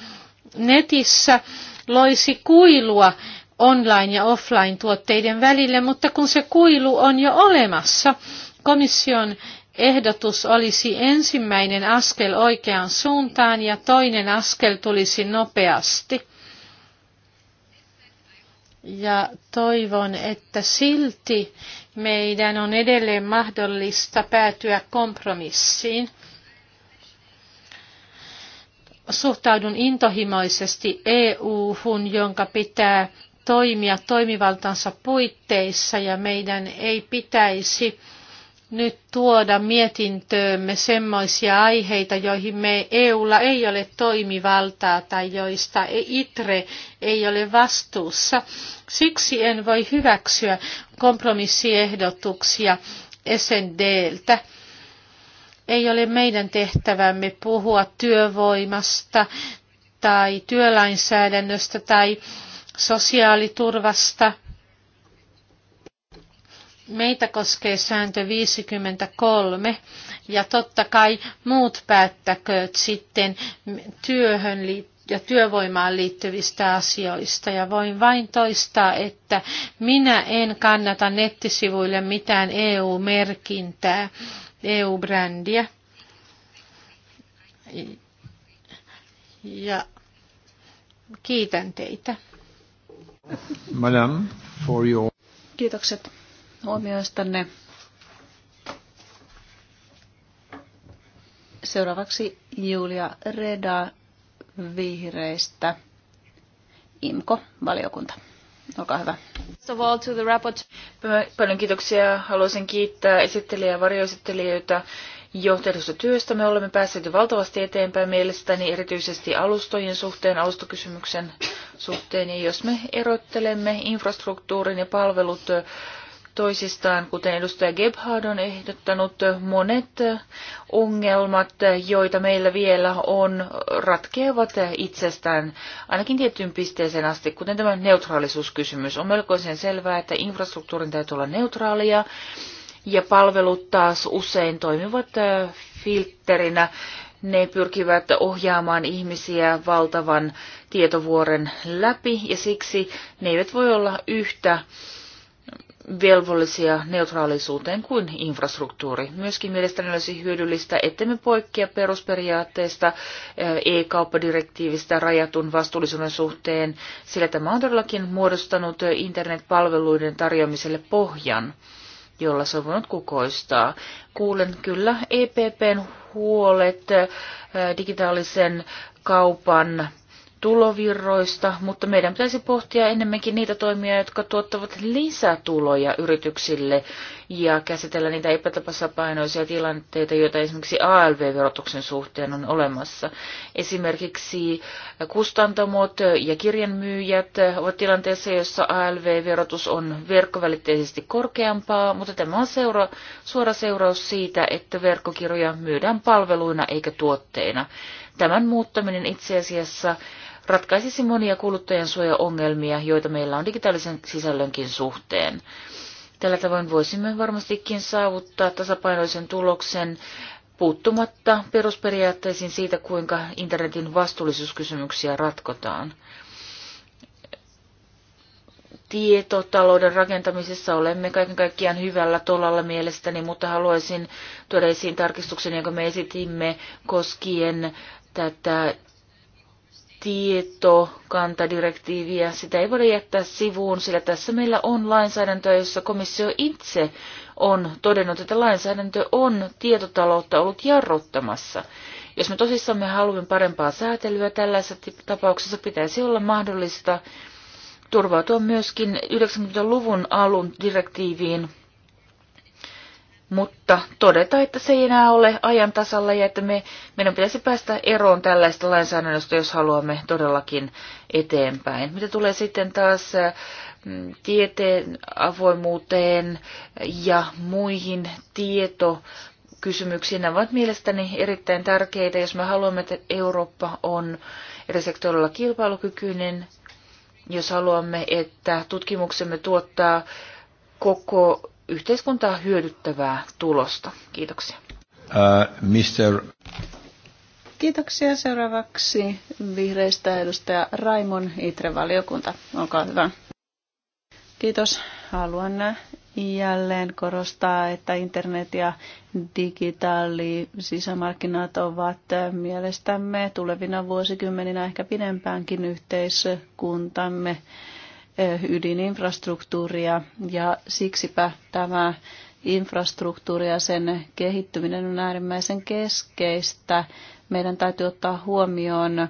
netissä, loisi kuilua online- ja offline-tuotteiden välille, mutta kun se kuilu on jo olemassa, komission ehdotus olisi ensimmäinen askel oikeaan suuntaan ja toinen askel tulisi nopeasti. Ja toivon, että silti meidän on edelleen mahdollista päätyä kompromissiin. Suhtaudun intohimoisesti EU-hun, jonka pitää toimia toimivaltansa puitteissa ja meidän ei pitäisi nyt tuoda mietintöömme semmoisia aiheita, joihin me EUlla ei ole toimivaltaa tai joista ITRE ei ole vastuussa. Siksi en voi hyväksyä kompromissiehdotuksia SNDltä. Ei ole meidän tehtävämme puhua työvoimasta tai työlainsäädännöstä tai sosiaaliturvasta – Meitä koskee sääntö 53 ja totta kai muut päättäkööt sitten työhön ja työvoimaan liittyvistä asioista. Ja voin vain toistaa, että minä en kannata nettisivuille mitään EU-merkintää, EU-brändiä. Ja kiitän teitä.
Madame, for your...
Kiitokset huomioistanne.
Seuraavaksi Julia Reda vihreistä. IMKO-valiokunta. Olkaa hyvä.
Paljon kiitoksia. Haluaisin kiittää esittelijä ja varjoesittelijöitä jo työstä. Me olemme päässeet jo valtavasti eteenpäin mielestäni erityisesti alustojen suhteen, alustokysymyksen suhteen. Ja jos me erottelemme infrastruktuurin ja palvelut toisistaan, kuten edustaja Gebhard on ehdottanut, monet ongelmat, joita meillä vielä on, ratkeavat itsestään ainakin tiettyyn pisteeseen asti, kuten tämä neutraalisuuskysymys. On melkoisen selvää, että infrastruktuurin täytyy olla neutraalia ja palvelut taas usein toimivat äh, filterinä. Ne pyrkivät ohjaamaan ihmisiä valtavan tietovuoren läpi ja siksi ne eivät voi olla yhtä velvollisia neutraalisuuteen kuin infrastruktuuri. Myöskin mielestäni olisi hyödyllistä, ettemme poikkea perusperiaatteesta eh, e-kauppadirektiivistä rajatun vastuullisuuden suhteen, sillä tämä on todellakin muodostanut eh, internetpalveluiden tarjoamiselle pohjan jolla se on voinut kukoistaa. Kuulen kyllä EPPn huolet eh, digitaalisen kaupan tulovirroista, mutta meidän pitäisi pohtia enemmänkin niitä toimia, jotka tuottavat lisätuloja yrityksille ja käsitellä niitä epätapasapainoisia tilanteita, joita esimerkiksi ALV-verotuksen suhteen on olemassa. Esimerkiksi kustantamot ja kirjanmyyjät ovat tilanteessa, jossa ALV-verotus on verkkovälitteisesti korkeampaa, mutta tämä on seura, suora seuraus siitä, että verkkokirjoja myydään palveluina eikä tuotteina. Tämän muuttaminen itse asiassa ratkaisisi monia suojaongelmia, joita meillä on digitaalisen sisällönkin suhteen. Tällä tavoin voisimme varmastikin saavuttaa tasapainoisen tuloksen puuttumatta perusperiaatteisiin siitä, kuinka internetin vastuullisuuskysymyksiä ratkotaan. Tietotalouden rakentamisessa olemme kaiken kaikkiaan hyvällä tolalla mielestäni, mutta haluaisin tuoda esiin tarkistuksen, jonka me esitimme koskien tätä tietokantadirektiiviä. Sitä ei voida jättää sivuun, sillä tässä meillä on lainsäädäntöä, jossa komissio itse on todennut, että lainsäädäntö on tietotaloutta ollut jarruttamassa. Jos me tosissamme haluamme parempaa säätelyä, tällaisessa tapauksessa pitäisi olla mahdollista turvautua myöskin 90-luvun alun direktiiviin mutta todeta, että se ei enää ole ajan tasalla ja että me, meidän pitäisi päästä eroon tällaista lainsäädännöstä, jos haluamme todellakin eteenpäin. Mitä tulee sitten taas mm, tieteen avoimuuteen ja muihin tieto kysymyksiin. Nämä ovat mielestäni erittäin tärkeitä, jos me haluamme, että Eurooppa on eri sektorilla kilpailukykyinen, jos haluamme, että tutkimuksemme tuottaa koko yhteiskuntaa hyödyttävää tulosta. Kiitoksia.
Uh, Mr. Kiitoksia. Seuraavaksi vihreistä edustaja Raimon Itre-valiokunta. Olkaa hyvä. Kiitos. Haluan jälleen korostaa, että internet ja digitaali sisämarkkinat ovat mielestämme tulevina vuosikymmeninä ehkä pidempäänkin yhteiskuntamme ydininfrastruktuuria ja siksipä tämä infrastruktuuri ja sen kehittyminen on äärimmäisen keskeistä. Meidän täytyy ottaa huomioon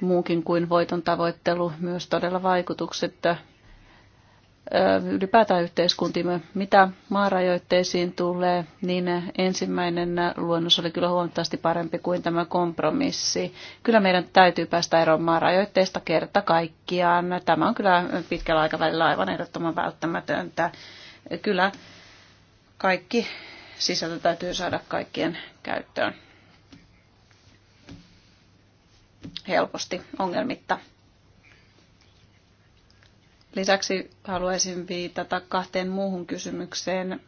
muukin kuin voiton tavoittelu, myös todella vaikutukset ylipäätään yhteiskuntimme. Mitä maarajoitteisiin tulee, niin ensimmäinen luonnos oli kyllä huomattavasti parempi kuin tämä kompromissi. Kyllä meidän täytyy päästä eroon maarajoitteista kerta kaikkiaan. Tämä on kyllä pitkällä aikavälillä aivan ehdottoman välttämätöntä. Kyllä kaikki sisältö täytyy saada kaikkien käyttöön helposti, ongelmitta. Lisäksi haluaisin viitata kahteen muuhun kysymykseen,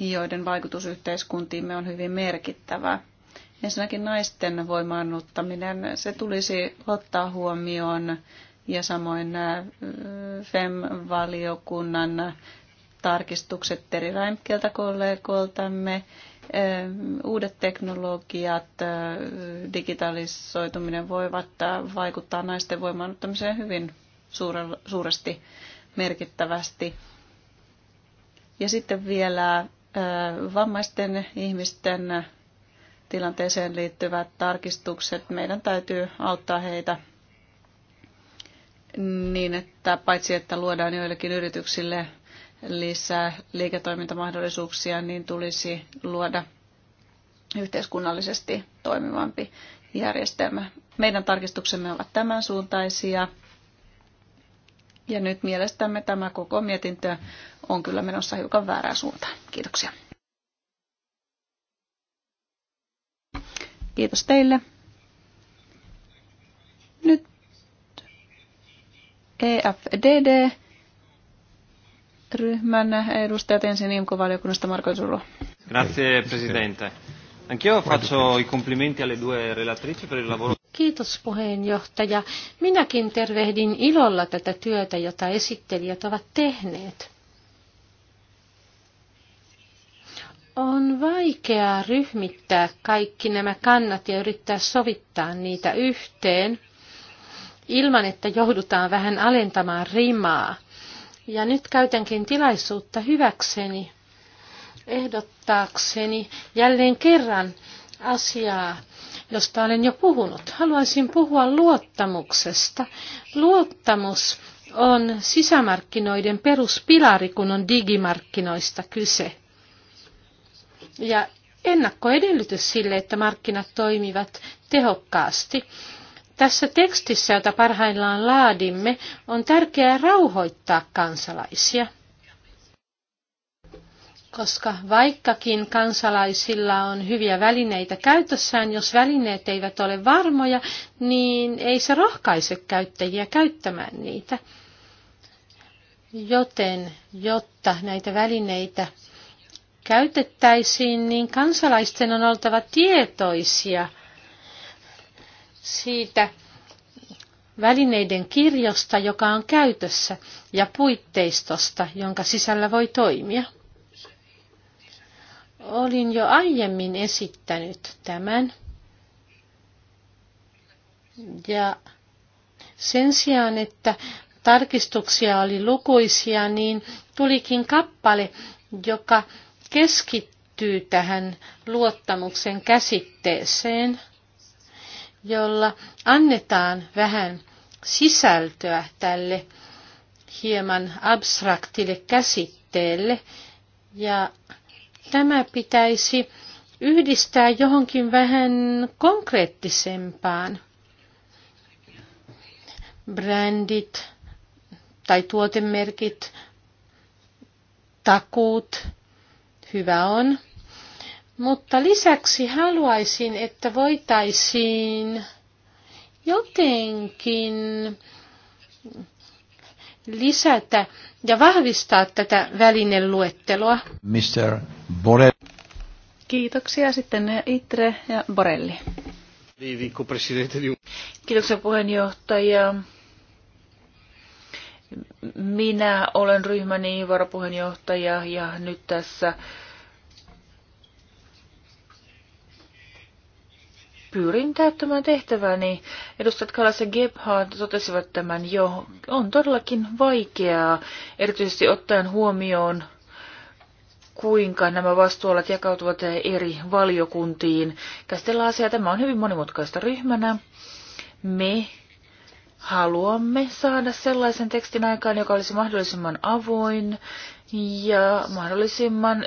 joiden vaikutus yhteiskuntiimme on hyvin merkittävä. Ensinnäkin naisten voimaannuttaminen, se tulisi ottaa huomioon ja samoin äh, FEM-valiokunnan tarkistukset Teri Räimkeltä kollegoltamme, äh, uudet teknologiat, äh, digitalisoituminen voivat vaikuttaa naisten voimaannuttamiseen hyvin suuresti merkittävästi. Ja sitten vielä vammaisten ihmisten tilanteeseen liittyvät tarkistukset. Meidän täytyy auttaa heitä niin, että paitsi että luodaan joillekin yrityksille lisää liiketoimintamahdollisuuksia, niin tulisi luoda yhteiskunnallisesti toimivampi järjestelmä. Meidän tarkistuksemme ovat tämän suuntaisia. Ja nyt mielestämme tämä koko mietintö on kyllä menossa hiukan väärään suuntaan. Kiitoksia. Kiitos teille. Nyt EFDD ryhmän edustajat ensin IMCO-valiokunnasta Marko Zulo.
Grazie Presidente. Anch'io faccio i complimenti alle due relatrici per il lavoro. Kiitos puheenjohtaja. Minäkin tervehdin ilolla tätä työtä, jota esittelijät ovat tehneet. On vaikeaa ryhmittää kaikki nämä kannat ja yrittää sovittaa niitä yhteen ilman, että joudutaan vähän alentamaan rimaa. Ja nyt käytänkin tilaisuutta hyväkseni, ehdottaakseni jälleen kerran asiaa josta olen jo puhunut. Haluaisin puhua luottamuksesta. Luottamus on sisämarkkinoiden peruspilari, kun on digimarkkinoista kyse. Ja ennakkoedellytys sille, että markkinat toimivat tehokkaasti. Tässä tekstissä, jota parhaillaan laadimme, on tärkeää rauhoittaa kansalaisia – koska vaikkakin kansalaisilla on hyviä välineitä käytössään, jos välineet eivät ole varmoja, niin ei se rohkaise käyttäjiä käyttämään niitä. Joten, jotta näitä välineitä käytettäisiin, niin kansalaisten on oltava tietoisia siitä välineiden kirjosta, joka on käytössä, ja puitteistosta, jonka sisällä voi toimia. Olin jo aiemmin esittänyt tämän. Ja sen sijaan, että tarkistuksia oli lukuisia, niin tulikin kappale, joka keskittyy tähän luottamuksen käsitteeseen, jolla annetaan vähän sisältöä tälle hieman abstraktille käsitteelle ja tämä pitäisi yhdistää johonkin vähän konkreettisempaan. Brändit tai tuotemerkit, takuut, hyvä on. Mutta lisäksi haluaisin, että voitaisiin jotenkin lisätä ja vahvistaa tätä välineluetteloa.
Mr. Borrell.
Kiitoksia. Sitten Itre ja
Borelli. Kiitoksia puheenjohtaja. Minä olen ryhmäni varapuheenjohtaja ja nyt tässä pyrin täyttämään tehtäväni. Edustajat Kalas ja Gebhard totesivat tämän jo. On todellakin vaikeaa, erityisesti ottaen huomioon, kuinka nämä vastuualat jakautuvat eri valiokuntiin. Käsitellään asiaa. Tämä on hyvin monimutkaista ryhmänä. Me haluamme saada sellaisen tekstin aikaan, joka olisi mahdollisimman avoin ja mahdollisimman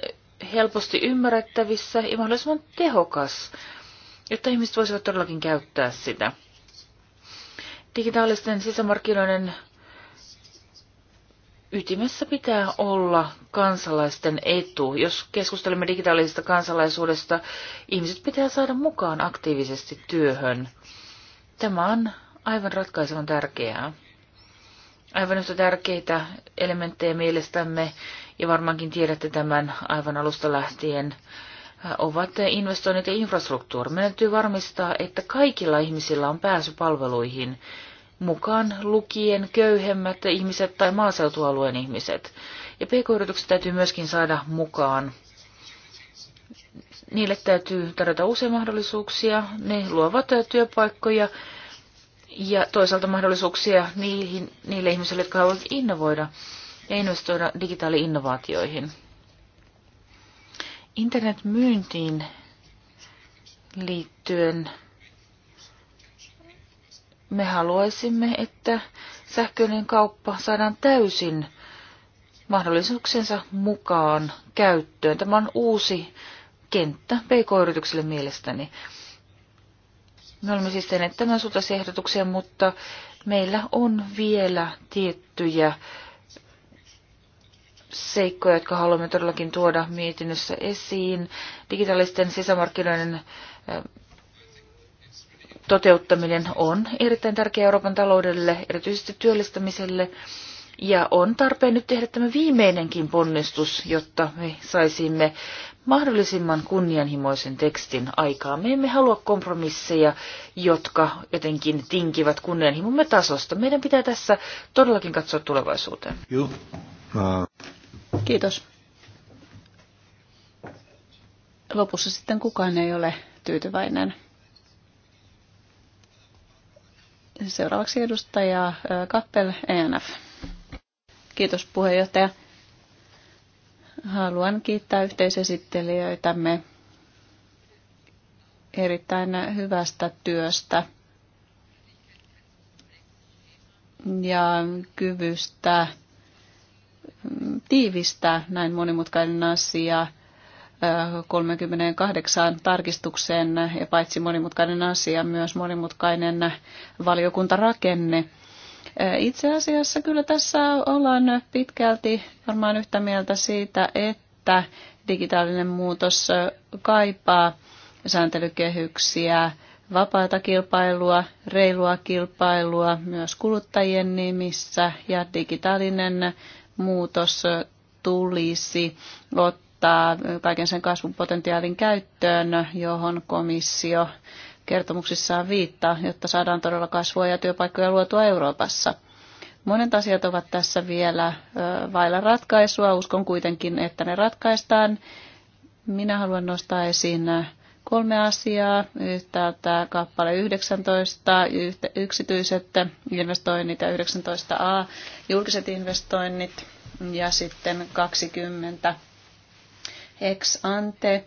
helposti ymmärrettävissä ja mahdollisimman tehokas jotta ihmiset voisivat todellakin käyttää sitä. Digitaalisten sisämarkkinoiden ytimessä pitää olla kansalaisten etu. Jos keskustelemme digitaalisesta kansalaisuudesta, ihmiset pitää saada mukaan aktiivisesti työhön. Tämä on aivan ratkaisevan tärkeää. Aivan yhtä tärkeitä elementtejä mielestämme, ja varmaankin tiedätte tämän aivan alusta lähtien, ovat investoinnit ja infrastruktuuri. Meidän täytyy varmistaa, että kaikilla ihmisillä on pääsy palveluihin, mukaan lukien köyhemmät ihmiset tai maaseutualueen ihmiset. Ja pk-yritykset täytyy myöskin saada mukaan. Niille täytyy tarjota uusia mahdollisuuksia. Ne luovat työpaikkoja ja toisaalta mahdollisuuksia niihin, niille ihmisille, jotka haluavat innovoida ja investoida digitaali-innovaatioihin. Internetmyyntiin liittyen me haluaisimme, että sähköinen kauppa saadaan täysin mahdollisuuksensa mukaan käyttöön. Tämä on uusi kenttä pk yritykselle mielestäni. Me olemme siis tehneet tämän suuntaisia ehdotuksia, mutta meillä on vielä tiettyjä seikkoja, jotka haluamme todellakin tuoda mietinnössä esiin. Digitaalisten sisämarkkinoiden toteuttaminen on erittäin tärkeä Euroopan taloudelle, erityisesti työllistämiselle, ja on tarpeen nyt tehdä tämä viimeinenkin ponnistus, jotta me saisimme mahdollisimman kunnianhimoisen tekstin aikaa. Me emme halua kompromisseja, jotka jotenkin tinkivät kunnianhimomme tasosta. Meidän pitää tässä todellakin katsoa tulevaisuuteen. Joo. Kiitos.
Lopussa sitten kukaan ei ole tyytyväinen. Seuraavaksi edustaja Kappel, ENF. Kiitos puheenjohtaja. Haluan kiittää yhteisesittelijöitämme erittäin hyvästä työstä ja kyvystä tiivistää näin monimutkainen asia 38 tarkistukseen ja paitsi monimutkainen asia, myös monimutkainen valiokuntarakenne. Itse asiassa kyllä tässä ollaan pitkälti varmaan yhtä mieltä siitä, että digitaalinen muutos kaipaa sääntelykehyksiä, vapaata kilpailua, reilua kilpailua myös kuluttajien nimissä ja digitaalinen muutos tulisi ottaa kaiken sen kasvun potentiaalin käyttöön, johon komissio kertomuksissaan viittaa, jotta saadaan todella kasvua ja työpaikkoja luotua Euroopassa. Monet asiat ovat tässä vielä vailla ratkaisua. Uskon kuitenkin, että ne ratkaistaan. Minä haluan nostaa esiin kolme asiaa. Yhtäältä kappale 19, yksityiset investoinnit ja 19a, julkiset investoinnit ja sitten 20 ex ante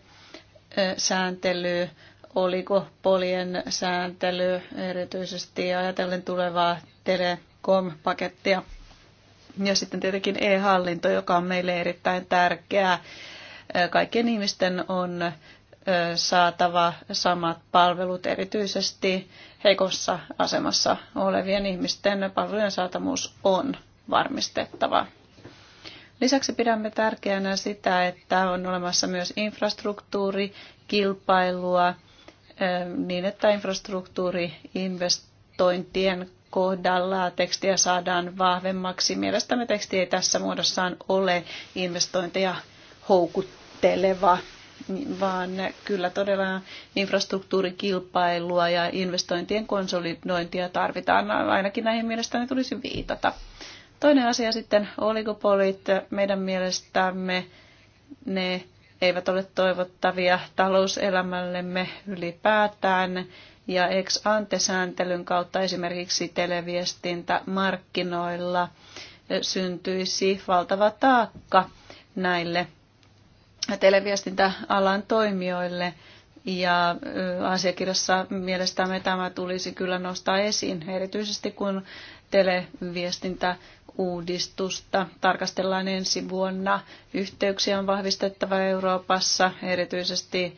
sääntely, oliko polien sääntely erityisesti ajatellen tulevaa telekom-pakettia. Ja sitten tietenkin e-hallinto, joka on meille erittäin tärkeää. Kaikkien ihmisten on saatava samat palvelut, erityisesti heikossa asemassa olevien ihmisten palvelujen saatavuus on varmistettava. Lisäksi pidämme tärkeänä sitä, että on olemassa myös infrastruktuuri, kilpailua, niin että infrastruktuuri investointien kohdalla tekstiä saadaan vahvemmaksi. Mielestämme teksti ei tässä muodossaan ole investointeja houkutteleva vaan kyllä todella infrastruktuurikilpailua ja investointien konsolidointia tarvitaan. Ainakin näihin mielestäni tulisi viitata. Toinen asia sitten, oligopolit meidän mielestämme, ne eivät ole toivottavia talouselämällemme ylipäätään ja ex ante sääntelyn kautta esimerkiksi markkinoilla syntyisi valtava taakka näille televiestintäalan toimijoille. Ja asiakirjassa mielestämme tämä tulisi kyllä nostaa esiin, erityisesti kun televiestintä uudistusta. Tarkastellaan ensi vuonna. Yhteyksiä on vahvistettava Euroopassa, erityisesti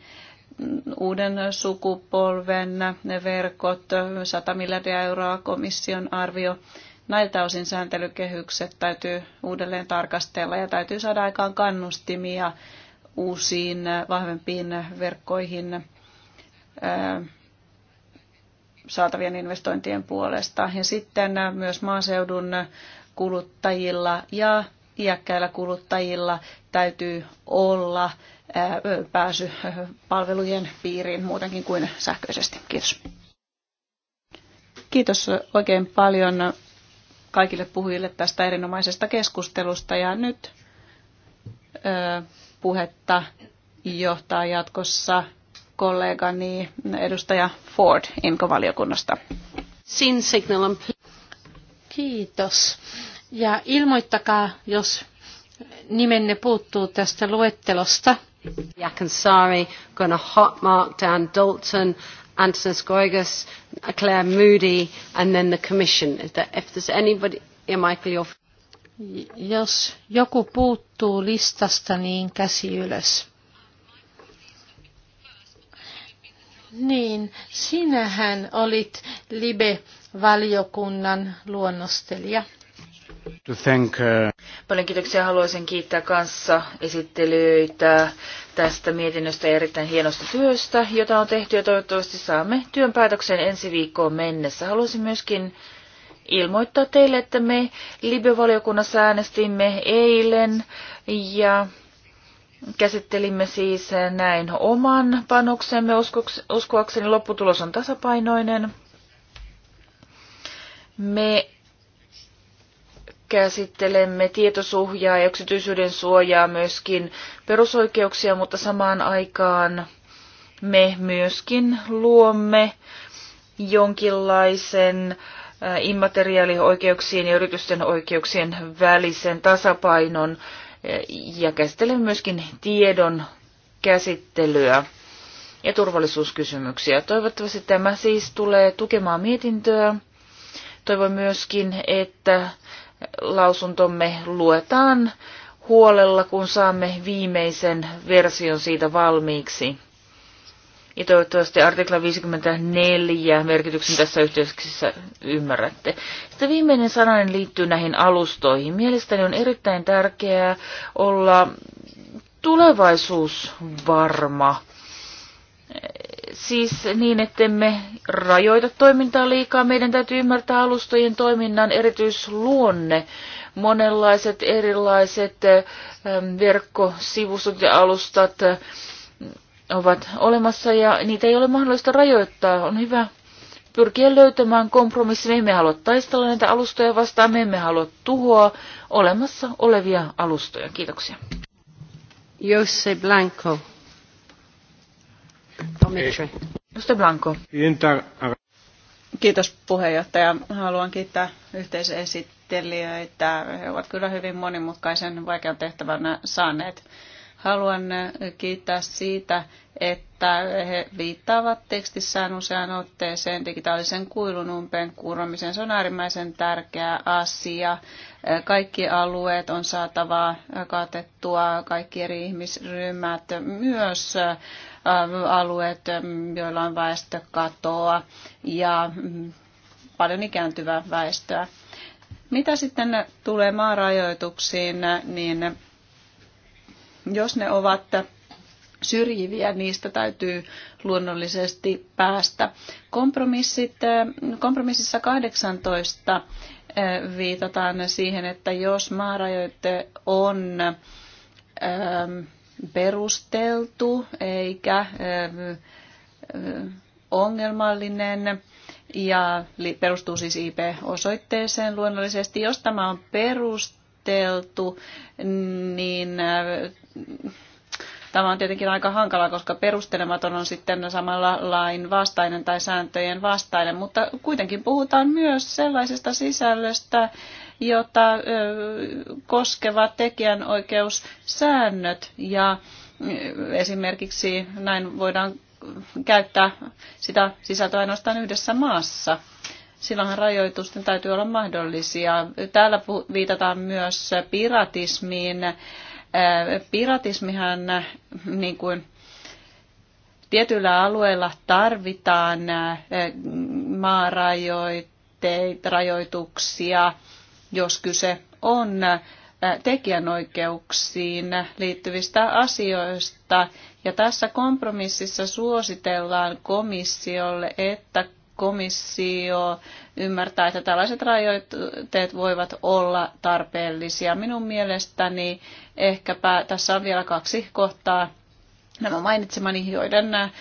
mm, uuden sukupolven verkot, 100 miljardia euroa komission arvio. Näiltä osin sääntelykehykset täytyy uudelleen tarkastella ja täytyy saada aikaan kannustimia uusiin vahvempiin verkkoihin saatavien investointien puolesta. Ja sitten myös maaseudun kuluttajilla ja iäkkäillä kuluttajilla täytyy olla pääsy palvelujen piiriin muutenkin kuin sähköisesti. Kiitos. Kiitos oikein paljon kaikille puhujille tästä erinomaisesta keskustelusta ja nyt puhetta johtaa jatkossa kollegani edustaja Ford Inko-valiokunnasta.
Sin signal Kiitos. Ja ilmoittakaa, jos nimenne puuttuu tästä luettelosta. Jakansari, Gunnar Hotmark, Dan Dalton, Antonis Goigas, Claire Moody, and then the Commission. Is if there's anybody, yeah, Michael, you're... Jos joku puuttuu listasta, niin käsi ylös. Niin, sinähän olit Libe-valiokunnan luonnostelija.
To thank, uh...
Paljon kiitoksia. Haluaisin kiittää kanssa esittelyitä tästä mietinnöstä ja erittäin hienosta työstä, jota on tehty ja toivottavasti saamme työn päätökseen ensi viikkoon mennessä. Haluaisin myöskin ilmoittaa teille, että me Libe-valiokunnassa äänestimme eilen ja käsittelimme siis näin oman panoksemme. Uskoakseni lopputulos on tasapainoinen. Me käsittelemme tietosuhjaa ja yksityisyyden suojaa myöskin perusoikeuksia, mutta samaan aikaan me myöskin luomme jonkinlaisen äh, Äh, immateriaalioikeuksien ja yritysten oikeuksien välisen tasapainon äh, ja käsittelemme myöskin tiedon käsittelyä ja turvallisuuskysymyksiä. Toivottavasti tämä siis tulee tukemaan mietintöä. Toivon myöskin, että lausuntomme luetaan huolella, kun saamme viimeisen version siitä valmiiksi. Ja toivottavasti artikla 54 merkityksen tässä yhteydessä ymmärrätte. Sitten viimeinen sananen liittyy näihin alustoihin. Mielestäni on erittäin tärkeää olla tulevaisuusvarma. Siis niin, että me rajoita toimintaa liikaa. Meidän täytyy ymmärtää alustojen toiminnan erityisluonne. Monenlaiset erilaiset verkkosivustot ja alustat ovat olemassa ja niitä ei ole mahdollista rajoittaa. On hyvä pyrkiä löytämään kompromissi. Me emme halua taistella näitä alustoja vastaan, me emme halua tuhoa olemassa olevia alustoja. Kiitoksia. Jose Blanco. Jose Blanco.
Kiitos puheenjohtaja. Haluan kiittää yhteisesittelijöitä. He ovat kyllä hyvin monimutkaisen vaikean tehtävän saaneet haluan äh, kiittää siitä, että he viittaavat tekstissään usean otteeseen digitaalisen kuilun umpeen kuromiseen. Se on äärimmäisen tärkeä asia. Äh, kaikki alueet on saatava äh, katettua, kaikki eri ihmisryhmät, myös alueet, ähm, joilla on väestökatoa ja mm, paljon ikääntyvää väestöä. Mitä sitten tulee maarajoituksiin, niin jos ne ovat syrjiviä, niistä täytyy luonnollisesti päästä. Kompromissit, eh, kompromississa 18 eh, viitataan siihen, että jos maarajoite on eh, perusteltu eikä ongelmallinen ja perustuu siis IP-osoitteeseen luonnollisesti, jos tämä on perusteltu, niin Tämä on tietenkin aika hankala, koska perustelematon on sitten samalla lain vastainen tai sääntöjen vastainen, mutta kuitenkin puhutaan myös sellaisesta sisällöstä, jota koskevat tekijänoikeussäännöt ja esimerkiksi näin voidaan käyttää sitä sisältöä ainoastaan yhdessä maassa. Silloinhan rajoitusten täytyy olla mahdollisia. Täällä viitataan myös piratismiin Piratismihan, niin kuin tietyillä alueilla tarvitaan maarajoituksia, jos kyse on tekijänoikeuksiin liittyvistä asioista. Ja tässä kompromississa suositellaan komissiolle, että komissio ymmärtää, että tällaiset rajoitteet voivat olla tarpeellisia. Minun mielestäni ehkäpä tässä on vielä kaksi kohtaa nämä mainitsemani, joiden äh,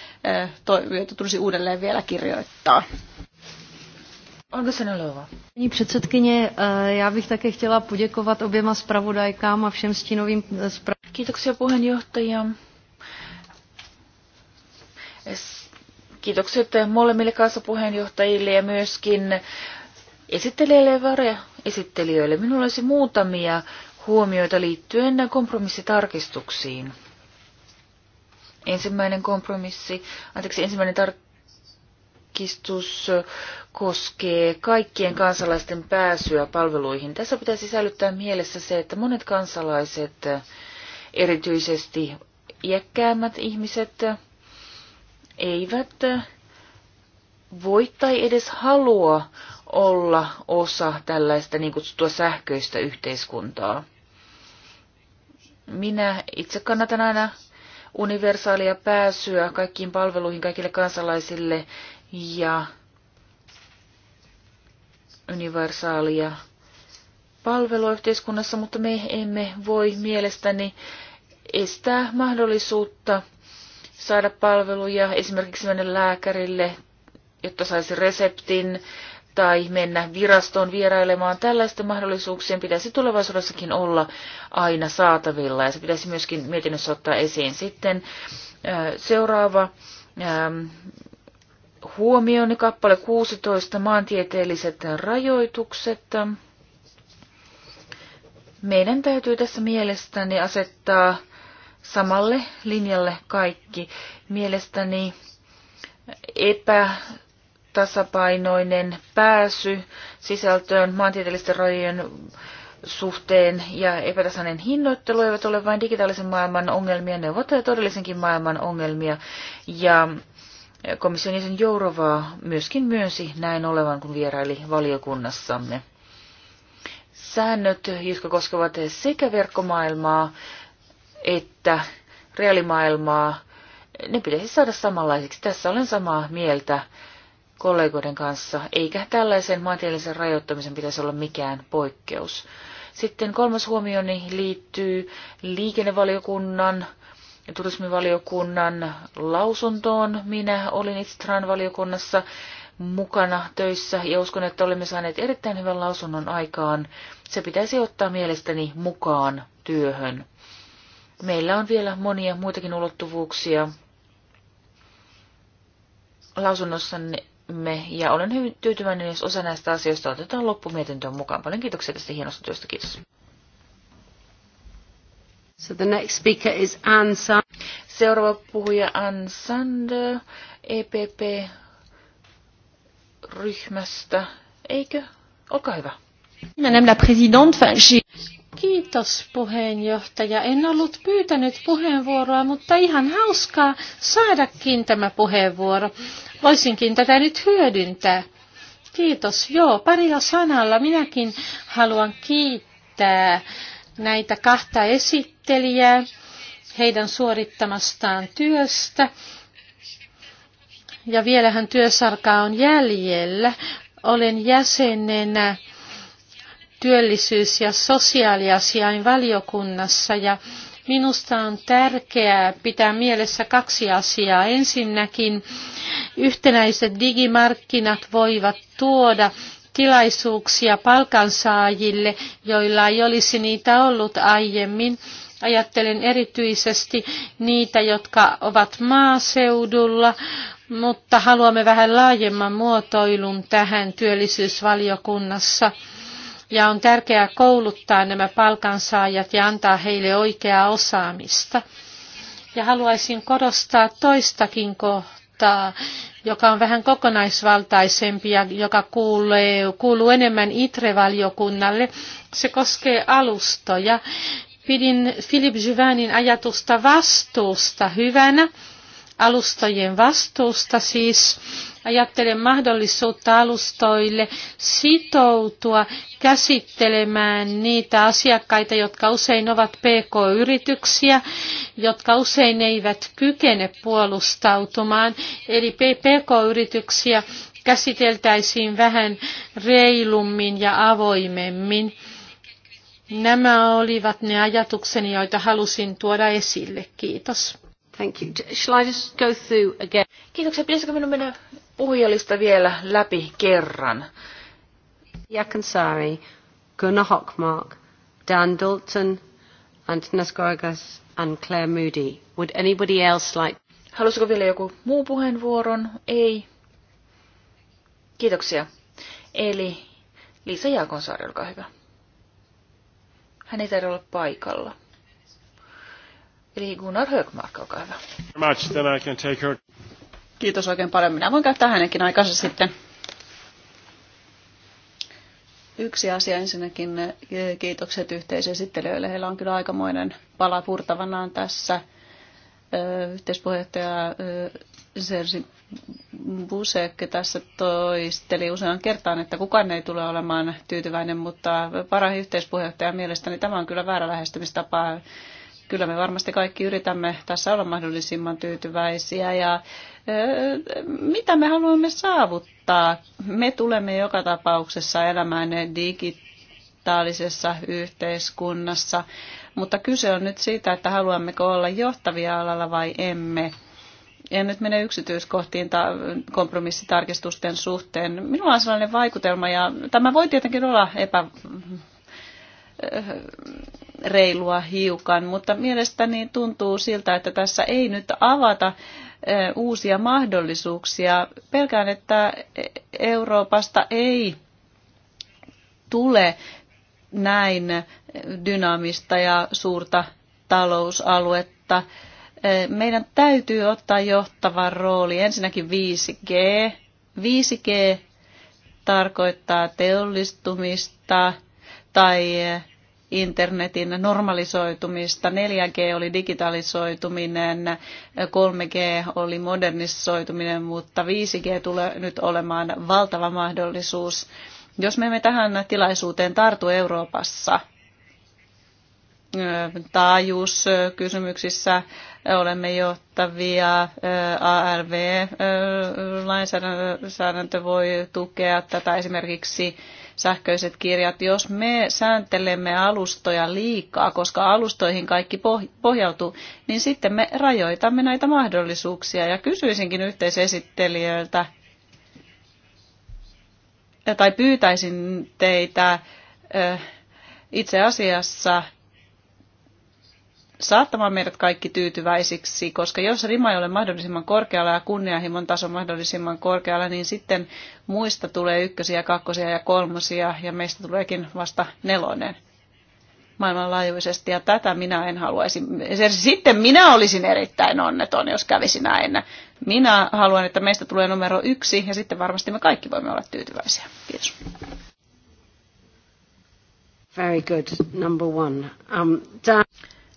joita tulisi uudelleen vielä kirjoittaa.
Olga Senelová. Paní předsedkyně, eh, já bych také chtěla poděkovat oběma zpravodajkám a všem stínovým eh, zpravodajkám. Kiitoksia puheenjohtaja. Kiitokset
molemmille kansapuheenjohtajille ja myöskin esittelijöille ja esittelijöille. Minulla olisi muutamia huomioita liittyen kompromissitarkistuksiin. Ensimmäinen kompromissi, anteeksi, ensimmäinen tarkistus koskee kaikkien kansalaisten pääsyä palveluihin. Tässä pitää sisällyttää mielessä se, että monet kansalaiset, erityisesti iäkkäämmät ihmiset, eivät voi tai edes halua olla osa tällaista niin kutsuttua sähköistä yhteiskuntaa. Minä itse kannatan aina universaalia pääsyä kaikkiin palveluihin kaikille kansalaisille ja universaalia palvelua yhteiskunnassa, mutta me emme voi mielestäni estää mahdollisuutta saada palveluja, esimerkiksi mennä lääkärille, jotta saisi reseptin tai mennä virastoon vierailemaan. Tällaisten mahdollisuuksien pitäisi tulevaisuudessakin olla aina saatavilla ja se pitäisi myöskin mietinnössä ottaa esiin. Sitten seuraava huomioni niin kappale 16, maantieteelliset rajoitukset. Meidän täytyy tässä mielestäni asettaa samalle linjalle kaikki. Mielestäni epätasapainoinen pääsy sisältöön maantieteellisten rajojen suhteen ja epätasainen hinnoittelu eivät ole vain digitaalisen maailman ongelmia, ne ovat todellisenkin maailman ongelmia. Ja komission jäsen Jourovaa myöskin myönsi näin olevan, kun vieraili valiokunnassamme. Säännöt, jotka koskevat sekä verkkomaailmaa että reaalimaailmaa, ne pitäisi saada samanlaisiksi. Tässä olen samaa mieltä kollegoiden kanssa, eikä tällaisen maantieteellisen rajoittamisen pitäisi olla mikään poikkeus. Sitten kolmas huomioni liittyy liikennevaliokunnan ja turismivaliokunnan lausuntoon. Minä olin itse valiokunnassa mukana töissä ja uskon, että olemme saaneet erittäin hyvän lausunnon aikaan. Se pitäisi ottaa mielestäni mukaan työhön meillä on vielä monia muitakin ulottuvuuksia lausunnossamme ja olen hyvin tyytyväinen, jos osa näistä asioista otetaan loppumietintöön mukaan. Paljon kiitoksia tästä hienosta työstä. Kiitos.
So the next speaker is
Anne Seuraava puhuja Anne Sander,
EPP-ryhmästä. Eikö? Olkaa hyvä. Madame la présidente, Kiitos puheenjohtaja. En ollut pyytänyt puheenvuoroa, mutta ihan hauskaa saadakin tämä puheenvuoro. Voisinkin tätä nyt hyödyntää. Kiitos. Joo, parilla sanalla minäkin haluan kiittää näitä kahta esittelijää heidän suorittamastaan työstä. Ja vielähän työsarkaa on jäljellä. Olen jäsenenä työllisyys- ja sosiaaliasiain valiokunnassa ja minusta on tärkeää pitää mielessä kaksi asiaa. Ensinnäkin yhtenäiset digimarkkinat voivat tuoda tilaisuuksia palkansaajille, joilla ei olisi niitä ollut aiemmin. Ajattelen erityisesti niitä, jotka ovat maaseudulla, mutta haluamme vähän laajemman muotoilun tähän työllisyysvaliokunnassa ja on tärkeää kouluttaa nämä palkansaajat ja antaa heille oikeaa osaamista. Ja haluaisin korostaa toistakin kohtaa, joka on vähän kokonaisvaltaisempi ja joka kuuluu, kuuluu enemmän ITRE-valiokunnalle. Se koskee alustoja. Pidin Philip Jyvänin ajatusta vastuusta hyvänä, alustojen vastuusta siis ajattelen mahdollisuutta alustoille sitoutua käsittelemään niitä asiakkaita, jotka usein ovat PK-yrityksiä, jotka usein eivät kykene puolustautumaan. Eli PK-yrityksiä käsiteltäisiin vähän reilummin ja avoimemmin. Nämä olivat ne ajatukseni, joita halusin tuoda esille. Kiitos. Kiitoksia. Pitäisikö minun mennä
puhujalista vielä läpi kerran? Jakansari, Gunnar
Hockmark, Dan Dalton, Antonas Gorgas and Claire Moody. Would anybody else like...
Halusiko vielä joku muu puheenvuoron? Ei. Kiitoksia. Eli Liisa Jaakonsaari, olkaa hyvä. Hän ei taida olla paikalla. Eli Gunnar Högmark, olkaa hyvä. Much, then I can take her. Kiitos oikein paljon. Minä voin käyttää hänenkin
aikansa sitten. Yksi asia ensinnäkin eh, kiitokset yhteisesittelijöille. Heillä on kyllä aikamoinen pala purtavanaan tässä. Eh, yhteispuheenjohtaja eh, Sersi Busek tässä toisteli usean kertaan, että kukaan ei tule olemaan tyytyväinen, mutta parahin yhteispuheenjohtaja mielestäni tämä on kyllä väärä lähestymistapa kyllä me varmasti kaikki yritämme tässä olla mahdollisimman tyytyväisiä ja mitä me haluamme saavuttaa? Me tulemme joka tapauksessa elämään digitaalisessa yhteiskunnassa, mutta kyse on nyt siitä, että haluammeko olla johtavia alalla vai emme. En nyt mene yksityiskohtiin ta- kompromissitarkistusten suhteen. Minulla on sellainen vaikutelma, ja tämä voi tietenkin olla epä reilua hiukan, mutta mielestäni tuntuu siltä, että tässä ei nyt avata uusia mahdollisuuksia. Pelkään, että Euroopasta ei tule näin dynaamista ja suurta talousaluetta. Meidän täytyy ottaa johtava rooli. Ensinnäkin 5G. 5G tarkoittaa teollistumista tai internetin normalisoitumista, 4G oli digitalisoituminen, 3G oli modernisoituminen, mutta 5G tulee nyt olemaan valtava mahdollisuus. Jos me emme tähän tilaisuuteen tartu Euroopassa, taajuuskysymyksissä olemme johtavia. ARV-lainsäädäntö voi tukea tätä esimerkiksi sähköiset kirjat, jos me sääntelemme alustoja liikaa, koska alustoihin kaikki pohjautuu, niin sitten me rajoitamme näitä mahdollisuuksia. Ja kysyisinkin yhteisesittelijöiltä, tai pyytäisin teitä itse asiassa saattamaan meidät kaikki tyytyväisiksi, koska jos rima ei ole mahdollisimman korkealla ja kunnianhimon taso mahdollisimman korkealla, niin sitten muista tulee ykkösiä, kakkosia ja kolmosia ja meistä tuleekin vasta nelonen maailmanlaajuisesti ja tätä minä en haluaisi. Sitten minä olisin erittäin onneton, jos kävisi näin. Minä haluan, että meistä tulee numero yksi ja sitten varmasti me kaikki voimme olla tyytyväisiä. Kiitos.
Very good, number one. Um,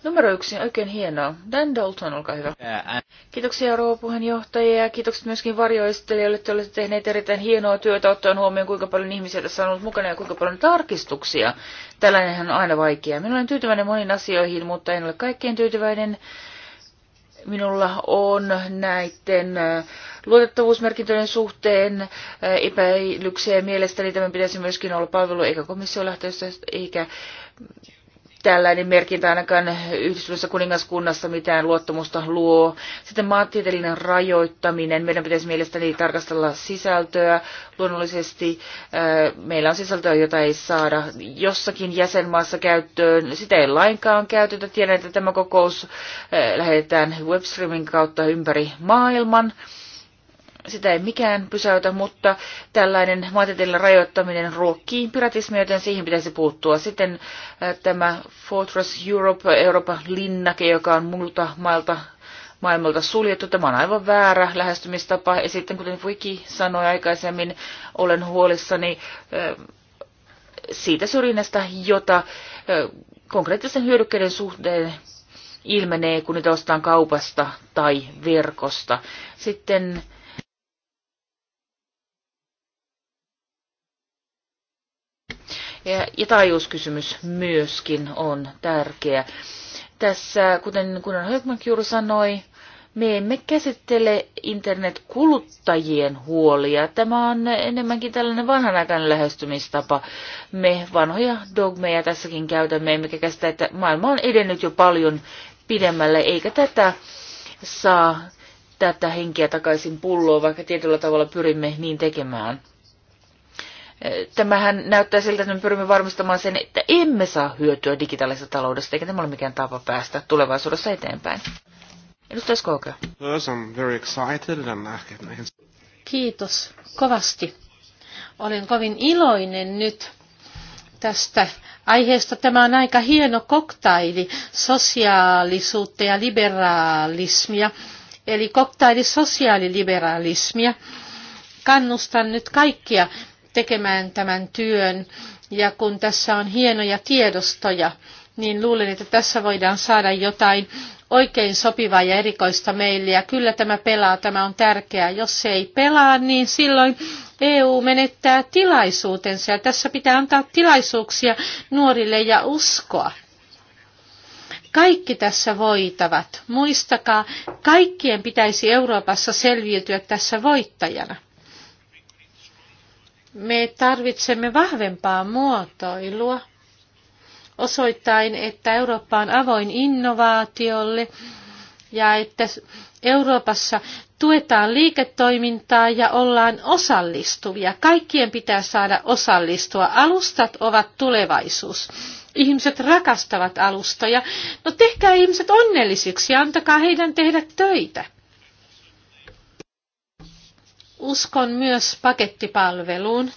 Numero yksi, oikein hienoa. Dan Dalton, olkaa hyvä. Kiitoksia rouva puheenjohtajia ja kiitokset myöskin varjoistelijoille. Te olette tehneet erittäin hienoa työtä ottaen huomioon, kuinka paljon ihmisiä tässä on ollut mukana ja kuinka paljon tarkistuksia. Tällainenhän on aina vaikeaa. Minä olen tyytyväinen moniin asioihin, mutta en ole kaikkein tyytyväinen. Minulla on näiden luotettavuusmerkintöjen suhteen epäilyksiä mielestäni tämän pitäisi myöskin olla palvelu eikä lähtöistä, eikä tällainen merkintä ainakaan yhdistyvässä kuningaskunnassa mitään luottamusta luo. Sitten maantieteellinen rajoittaminen. Meidän pitäisi mielestäni tarkastella sisältöä. Luonnollisesti äh, meillä on sisältöä, jota ei saada jossakin jäsenmaassa käyttöön. Sitä ei lainkaan käytetä. Tiedän, että tämä kokous äh, lähetetään webstreamin kautta ympäri maailman sitä ei mikään pysäytä, mutta tällainen maantieteellinen rajoittaminen ruokkii piratismia, joten siihen pitäisi puuttua. Sitten äh, tämä Fortress Europe, Euroopan linnake, joka on muilta mailta maailmalta suljettu. Tämä on aivan väärä lähestymistapa. Ja sitten, kuten Wiki sanoi aikaisemmin, olen huolissani äh, siitä syrjinnästä, jota äh, konkreettisen hyödykkeiden suhteen ilmenee, kun niitä ostetaan kaupasta tai verkosta. Sitten Ja, taajuuskysymys myöskin on tärkeä. Tässä, kuten kunnan Högman juuri sanoi, me emme käsittele internetkuluttajien huolia. Tämä on enemmänkin tällainen vanhanaikainen lähestymistapa. Me vanhoja dogmeja tässäkin käytämme, emmekä käsitä, että maailma on edennyt jo paljon pidemmälle, eikä tätä saa tätä henkeä takaisin pulloon, vaikka tietyllä tavalla pyrimme niin tekemään. Tämähän näyttää siltä, että me pyrimme varmistamaan sen, että emme saa hyötyä digitaalisesta taloudesta, eikä tämä ole mikään tapa päästä tulevaisuudessa eteenpäin. Edustaja Skoke.
Kiitos kovasti. Olen kovin iloinen nyt tästä aiheesta. Tämä on aika hieno koktaili sosiaalisuutta ja liberaalismia, eli koktaili sosiaaliliberalismia. Kannustan nyt kaikkia tekemään tämän työn. Ja kun tässä on hienoja tiedostoja, niin luulen, että tässä voidaan saada jotain oikein sopivaa ja erikoista meille. Ja kyllä tämä pelaa, tämä on tärkeää. Jos se ei pelaa, niin silloin EU menettää tilaisuutensa. Ja tässä pitää antaa tilaisuuksia nuorille ja uskoa. Kaikki tässä voitavat. Muistakaa, kaikkien pitäisi Euroopassa selviytyä tässä voittajana. Me tarvitsemme vahvempaa muotoilua osoittain, että Eurooppa on avoin innovaatiolle ja että Euroopassa tuetaan liiketoimintaa ja ollaan osallistuvia. Kaikkien pitää saada osallistua. Alustat ovat tulevaisuus. Ihmiset rakastavat alustoja. No tehkää ihmiset onnellisiksi ja antakaa heidän tehdä töitä uskon myös pakettipalveluun.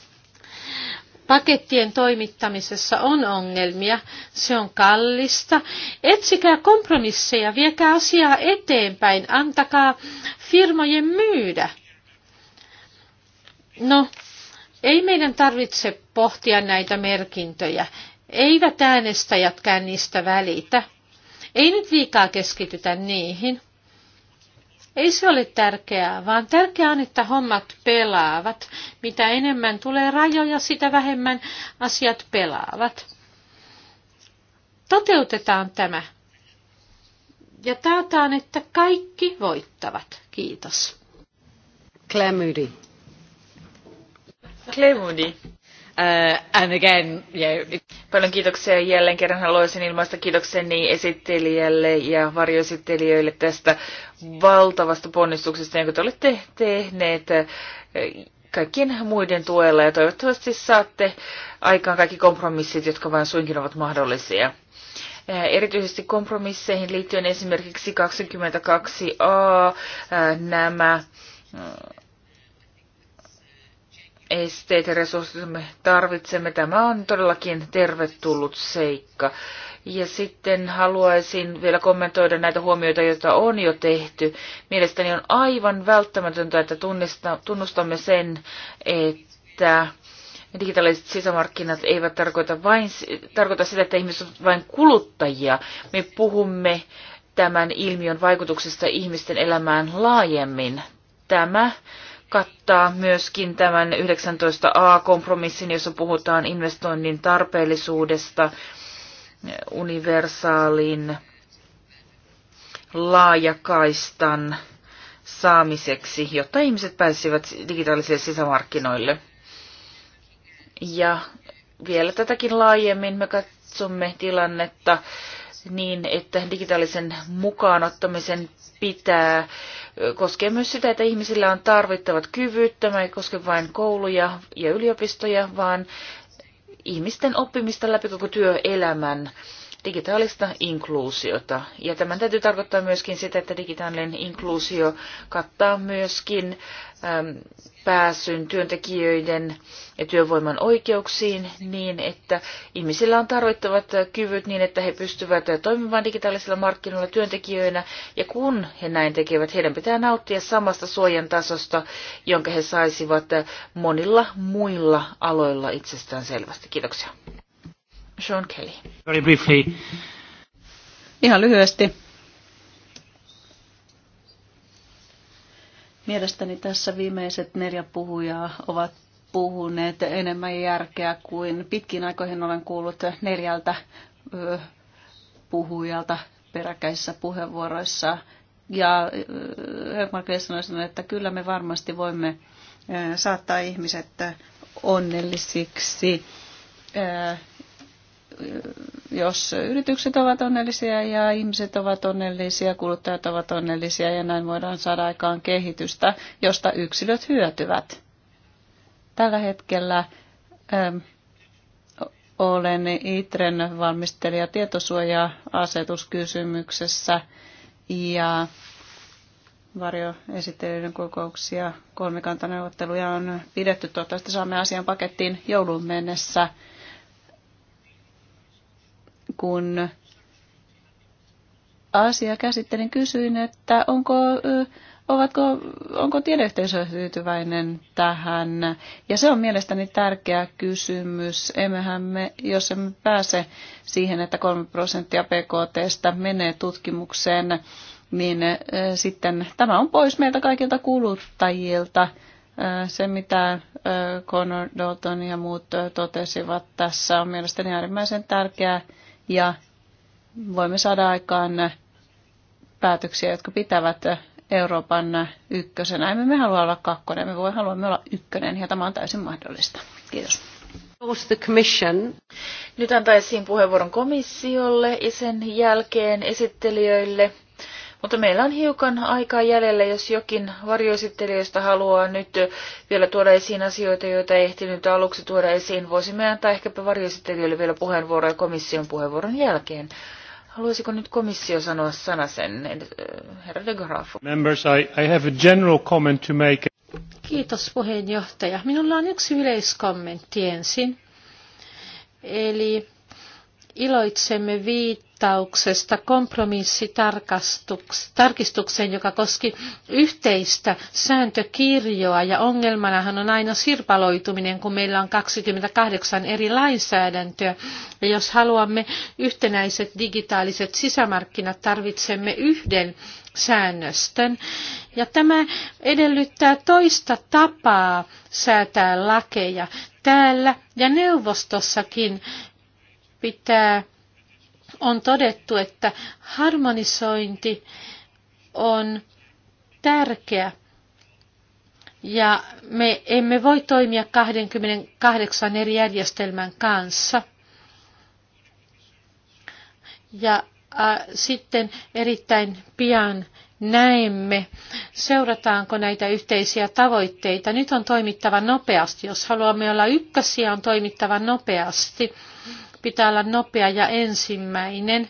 Pakettien toimittamisessa on ongelmia, se on kallista. Etsikää kompromisseja, viekää asiaa eteenpäin, antakaa firmojen myydä. No, ei meidän tarvitse pohtia näitä merkintöjä. Eivät äänestäjätkään niistä välitä. Ei nyt liikaa keskitytä niihin. Ei se ole tärkeää, vaan tärkeää on, että hommat pelaavat. Mitä enemmän tulee rajoja, sitä vähemmän asiat pelaavat. Toteutetaan tämä. Ja taataan, että kaikki voittavat. Kiitos. Clemudi. Clemudi. Uh, and again, yeah, Paljon
kiitoksia jälleen kerran. Haluaisin ilmaista kiitokseni esittelijälle ja varjoesittelijöille tästä valtavasta ponnistuksesta, jonka te olette tehneet eh, kaikkien muiden tuella ja toivottavasti saatte aikaan kaikki kompromissit, jotka vain suinkin ovat mahdollisia. Eh, erityisesti kompromisseihin liittyen esimerkiksi 22a eh, nämä mm, esteitä ja me tarvitsemme. Tämä on todellakin tervetullut seikka. Ja sitten haluaisin vielä kommentoida näitä huomioita, joita on jo tehty. Mielestäni on aivan välttämätöntä, että tunnustamme sen, että digitaaliset sisämarkkinat eivät tarkoita, vain, tarkoita sitä, että ihmiset ovat vain kuluttajia. Me puhumme tämän ilmiön vaikutuksesta ihmisten elämään laajemmin. Tämä kattaa myöskin tämän 19a-kompromissin, jossa puhutaan investoinnin tarpeellisuudesta universaalin laajakaistan saamiseksi, jotta ihmiset pääsisivät digitaalisille sisämarkkinoille. Ja vielä tätäkin laajemmin me katsomme tilannetta niin, että digitaalisen mukaanottamisen pitää koskee myös sitä, että ihmisillä on tarvittavat kyvyt. Tämä ei koske vain kouluja ja yliopistoja, vaan ihmisten oppimista läpi koko työelämän digitaalista inkluusiota. Ja tämän täytyy tarkoittaa myöskin sitä, että digitaalinen inkluusio kattaa myöskin äm, pääsyn työntekijöiden ja työvoiman oikeuksiin niin, että ihmisillä on tarvittavat kyvyt niin, että he pystyvät toimimaan digitaalisilla markkinoilla työntekijöinä, ja kun he näin tekevät, heidän pitää nauttia samasta suojan tasosta, jonka he saisivat monilla muilla aloilla itsestään selvästi. Kiitoksia. Sean Kelly.
Very briefly. Ihan lyhyesti. Mielestäni tässä viimeiset neljä puhujaa ovat puhuneet enemmän järkeä kuin pitkin aikoihin olen kuullut neljältä puhujalta peräkäisissä puheenvuoroissa. Ja Högmarkille sanoisin, että kyllä me varmasti voimme saattaa ihmiset onnellisiksi jos yritykset ovat onnellisia ja ihmiset ovat onnellisia, kuluttajat ovat onnellisia ja näin voidaan saada aikaan kehitystä, josta yksilöt hyötyvät. Tällä hetkellä ähm, olen ITREN valmistelija tietosuoja-asetuskysymyksessä ja varjo-esiteiden esittelyiden kokouksia, kolmikantaneuvotteluja on pidetty. Toivottavasti saamme asian pakettiin joulun mennessä kun asia käsittelin, kysyin, että onko, ovatko, onko tiedeyhteisö tyytyväinen tähän. Ja se on mielestäni tärkeä kysymys. Emmehän me, jos emme pääse siihen, että 3 prosenttia PKTstä menee tutkimukseen, niin sitten tämä on pois meiltä kaikilta kuluttajilta. Se, mitä Connor Dalton ja muut totesivat tässä, on mielestäni äärimmäisen tärkeää ja voimme saada aikaan päätöksiä, jotka pitävät Euroopan ykkösenä. Emme me halua olla kakkonen, me voi haluamme olla ykkönen ja tämä on täysin mahdollista.
Kiitos. Nyt antaisin puheenvuoron komissiolle ja sen jälkeen esittelijöille. Mutta meillä on hiukan aikaa jäljellä, jos jokin varjoesittelijöistä haluaa nyt vielä tuoda esiin asioita, joita ei ehtinyt aluksi tuoda esiin. Voisimme antaa ehkäpä varjoesittelijöille vielä puheenvuoroja komission puheenvuoron jälkeen. Haluaisiko nyt komissio sanoa sanasen,
herra de Graaf? Members, I, I have a general comment to make. Kiitos puheenjohtaja. Minulla on yksi yleiskommentti ensin. Eli iloitsemme viittauksesta kompromissitarkistukseen, joka koski yhteistä sääntökirjoa. Ja ongelmanahan on aina sirpaloituminen, kun meillä on 28 eri lainsäädäntöä. Ja jos haluamme yhtenäiset digitaaliset sisämarkkinat, tarvitsemme yhden säännöstön. Ja tämä edellyttää toista tapaa säätää lakeja täällä ja neuvostossakin pitää, on todettu, että harmonisointi on tärkeä ja me emme voi toimia 28 eri järjestelmän kanssa. Ja äh, sitten erittäin pian näemme, seurataanko näitä yhteisiä tavoitteita. Nyt on toimittava nopeasti. Jos haluamme olla ykkösiä, on toimittava nopeasti pitää olla nopea ja ensimmäinen.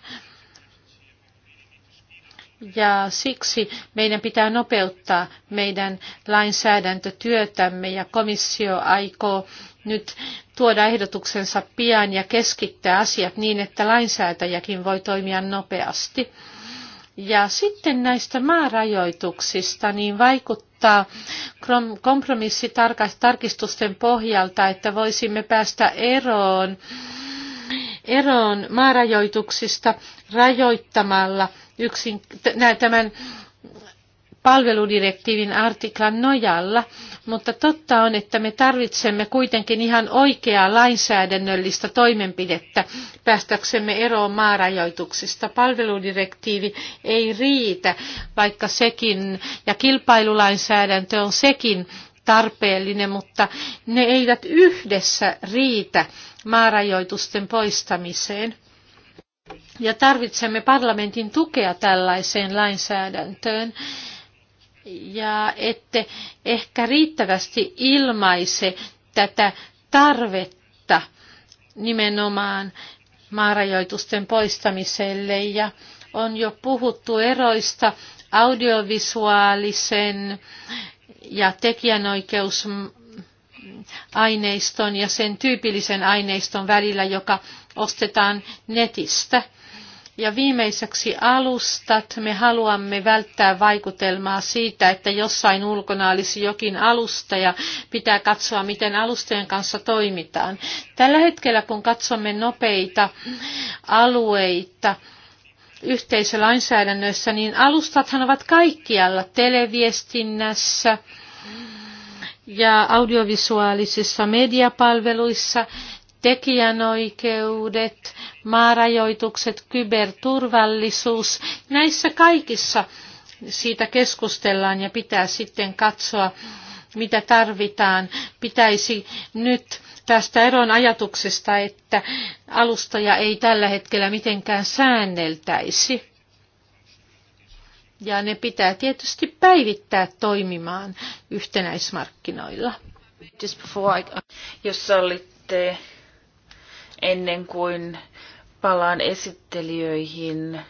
Ja siksi meidän pitää nopeuttaa meidän lainsäädäntötyötämme ja komissio aikoo nyt tuoda ehdotuksensa pian ja keskittää asiat niin, että lainsäätäjäkin voi toimia nopeasti. Ja sitten näistä maarajoituksista, niin vaikuttaa kompromissitarkistusten pohjalta, että voisimme päästä eroon eroon maarajoituksista rajoittamalla yksin, tämän palveludirektiivin artiklan nojalla, mutta totta on, että me tarvitsemme kuitenkin ihan oikeaa lainsäädännöllistä toimenpidettä päästäksemme eroon maarajoituksista. Palveludirektiivi ei riitä, vaikka sekin, ja kilpailulainsäädäntö on sekin tarpeellinen, mutta ne eivät yhdessä riitä maarajoitusten poistamiseen. Ja tarvitsemme parlamentin tukea tällaiseen lainsäädäntöön ja ette ehkä riittävästi ilmaise tätä tarvetta nimenomaan maarajoitusten poistamiselle ja on jo puhuttu eroista audiovisuaalisen ja tekijänoikeus aineiston ja sen tyypillisen aineiston välillä, joka ostetaan netistä. Ja viimeiseksi alustat. Me haluamme välttää vaikutelmaa siitä, että jossain ulkona olisi jokin alusta ja pitää katsoa, miten alustojen kanssa toimitaan. Tällä hetkellä, kun katsomme nopeita alueita, yhteisölainsäädännössä, niin alustathan ovat kaikkialla televiestinnässä, ja audiovisuaalisissa mediapalveluissa tekijänoikeudet, maarajoitukset, kyberturvallisuus. Näissä kaikissa siitä keskustellaan ja pitää sitten katsoa, mitä tarvitaan. Pitäisi nyt tästä eron ajatuksesta, että alustoja ei tällä hetkellä mitenkään säänneltäisi ja ne pitää tietysti päivittää toimimaan yhtenäismarkkinoilla.
Jos sallitte, ennen kuin palaan esittelijöihin,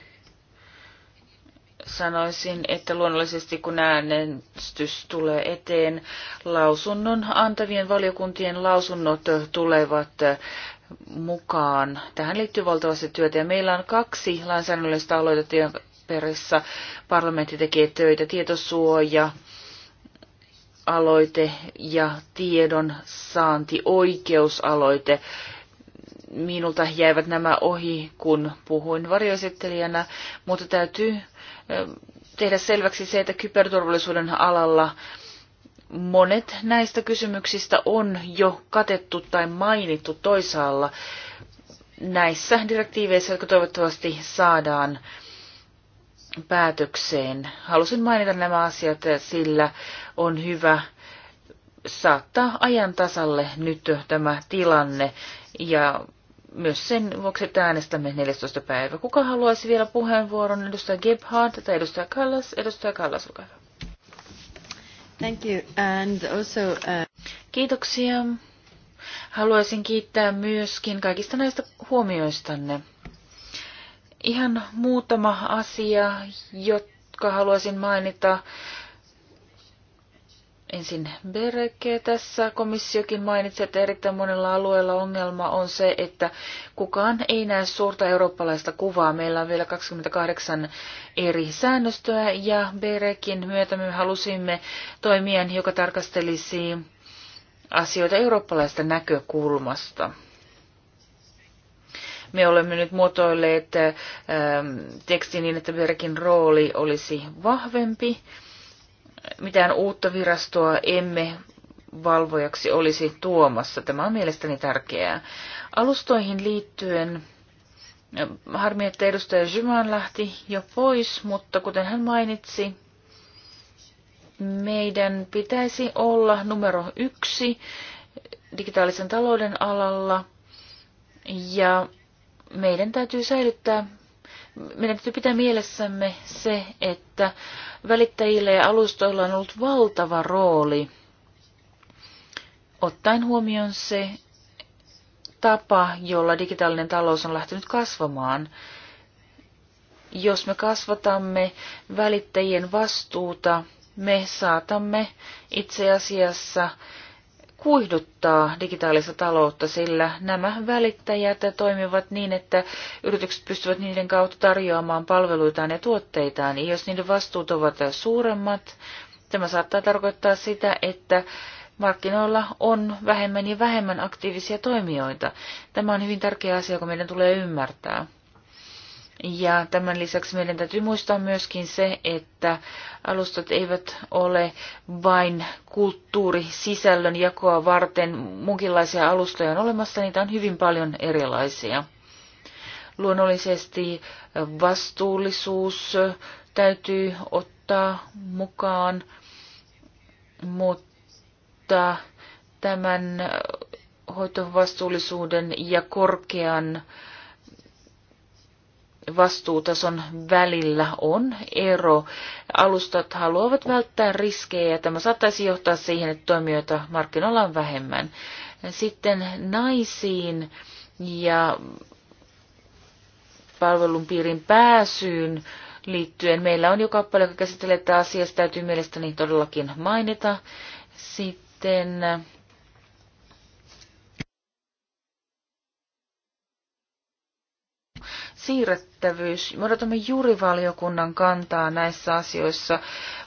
sanoisin, että luonnollisesti kun äänestys tulee eteen, lausunnon antavien valiokuntien lausunnot tulevat mukaan. Tähän liittyy valtavasti työtä ja meillä on kaksi lainsäädännöllistä aloitetta, Koreperissa parlamentti tekee töitä, tietosuoja, aloite ja tiedon saanti, oikeusaloite. Minulta jäivät nämä ohi, kun puhuin varjoesittelijänä, mutta täytyy tehdä selväksi se, että kyberturvallisuuden alalla monet näistä kysymyksistä on jo katettu tai mainittu toisaalla näissä direktiiveissä, jotka toivottavasti saadaan päätökseen. Halusin mainita nämä asiat, sillä on hyvä saattaa ajan tasalle nyt tämä tilanne ja myös sen vuoksi, että äänestämme 14. päivä. Kuka haluaisi vielä puheenvuoron? Edustaja Gebhardt tai edustaja Kallas? Edustaja Kallas, olkaa hyvä.
Thank you. And also, uh...
Kiitoksia. Haluaisin kiittää myöskin kaikista näistä huomioistanne. Ihan muutama asia, jotka haluaisin mainita. Ensin Bereke tässä. Komissiokin mainitsi, että erittäin monella alueella ongelma on se, että kukaan ei näe suurta eurooppalaista kuvaa. Meillä on vielä 28 eri säännöstöä ja Berekin myötä me halusimme toimia, joka tarkastelisi asioita eurooppalaista näkökulmasta me olemme nyt muotoilleet ähm, tekstin niin, että Berkin rooli olisi vahvempi. Mitään uutta virastoa emme valvojaksi olisi tuomassa. Tämä on mielestäni tärkeää. Alustoihin liittyen äh, harmi, että edustaja Jumaan lähti jo pois, mutta kuten hän mainitsi, meidän pitäisi olla numero yksi digitaalisen talouden alalla ja meidän täytyy säilyttää, meidän täytyy pitää mielessämme se, että välittäjillä ja alustoilla on ollut valtava rooli, ottaen huomioon se tapa, jolla digitaalinen talous on lähtenyt kasvamaan. Jos me kasvatamme välittäjien vastuuta, me saatamme itse asiassa kuihduttaa digitaalista taloutta, sillä nämä välittäjät toimivat niin, että yritykset pystyvät niiden kautta tarjoamaan palveluitaan ja tuotteitaan. Jos niiden vastuut ovat suuremmat, tämä saattaa tarkoittaa sitä, että markkinoilla on vähemmän ja vähemmän aktiivisia toimijoita. Tämä on hyvin tärkeä asia, kun meidän tulee ymmärtää. Ja tämän lisäksi meidän täytyy muistaa myöskin se, että alustat eivät ole vain kulttuurisisällön jakoa varten. Munkinlaisia alustoja on olemassa, niitä on hyvin paljon erilaisia. Luonnollisesti vastuullisuus täytyy ottaa mukaan, mutta tämän hoitovastuullisuuden ja korkean äh, vastuutason välillä on ero. Alustat haluavat välttää riskejä ja tämä saattaisi johtaa siihen, että toimijoita markkinoilla on vähemmän. Sitten naisiin ja palvelun piirin pääsyyn liittyen. Meillä on jo kappale, joka käsittelee tätä asiaa, täytyy mielestäni todellakin mainita. Sitten siirrettävyys. Me odotamme juurivaliokunnan kantaa näissä asioissa,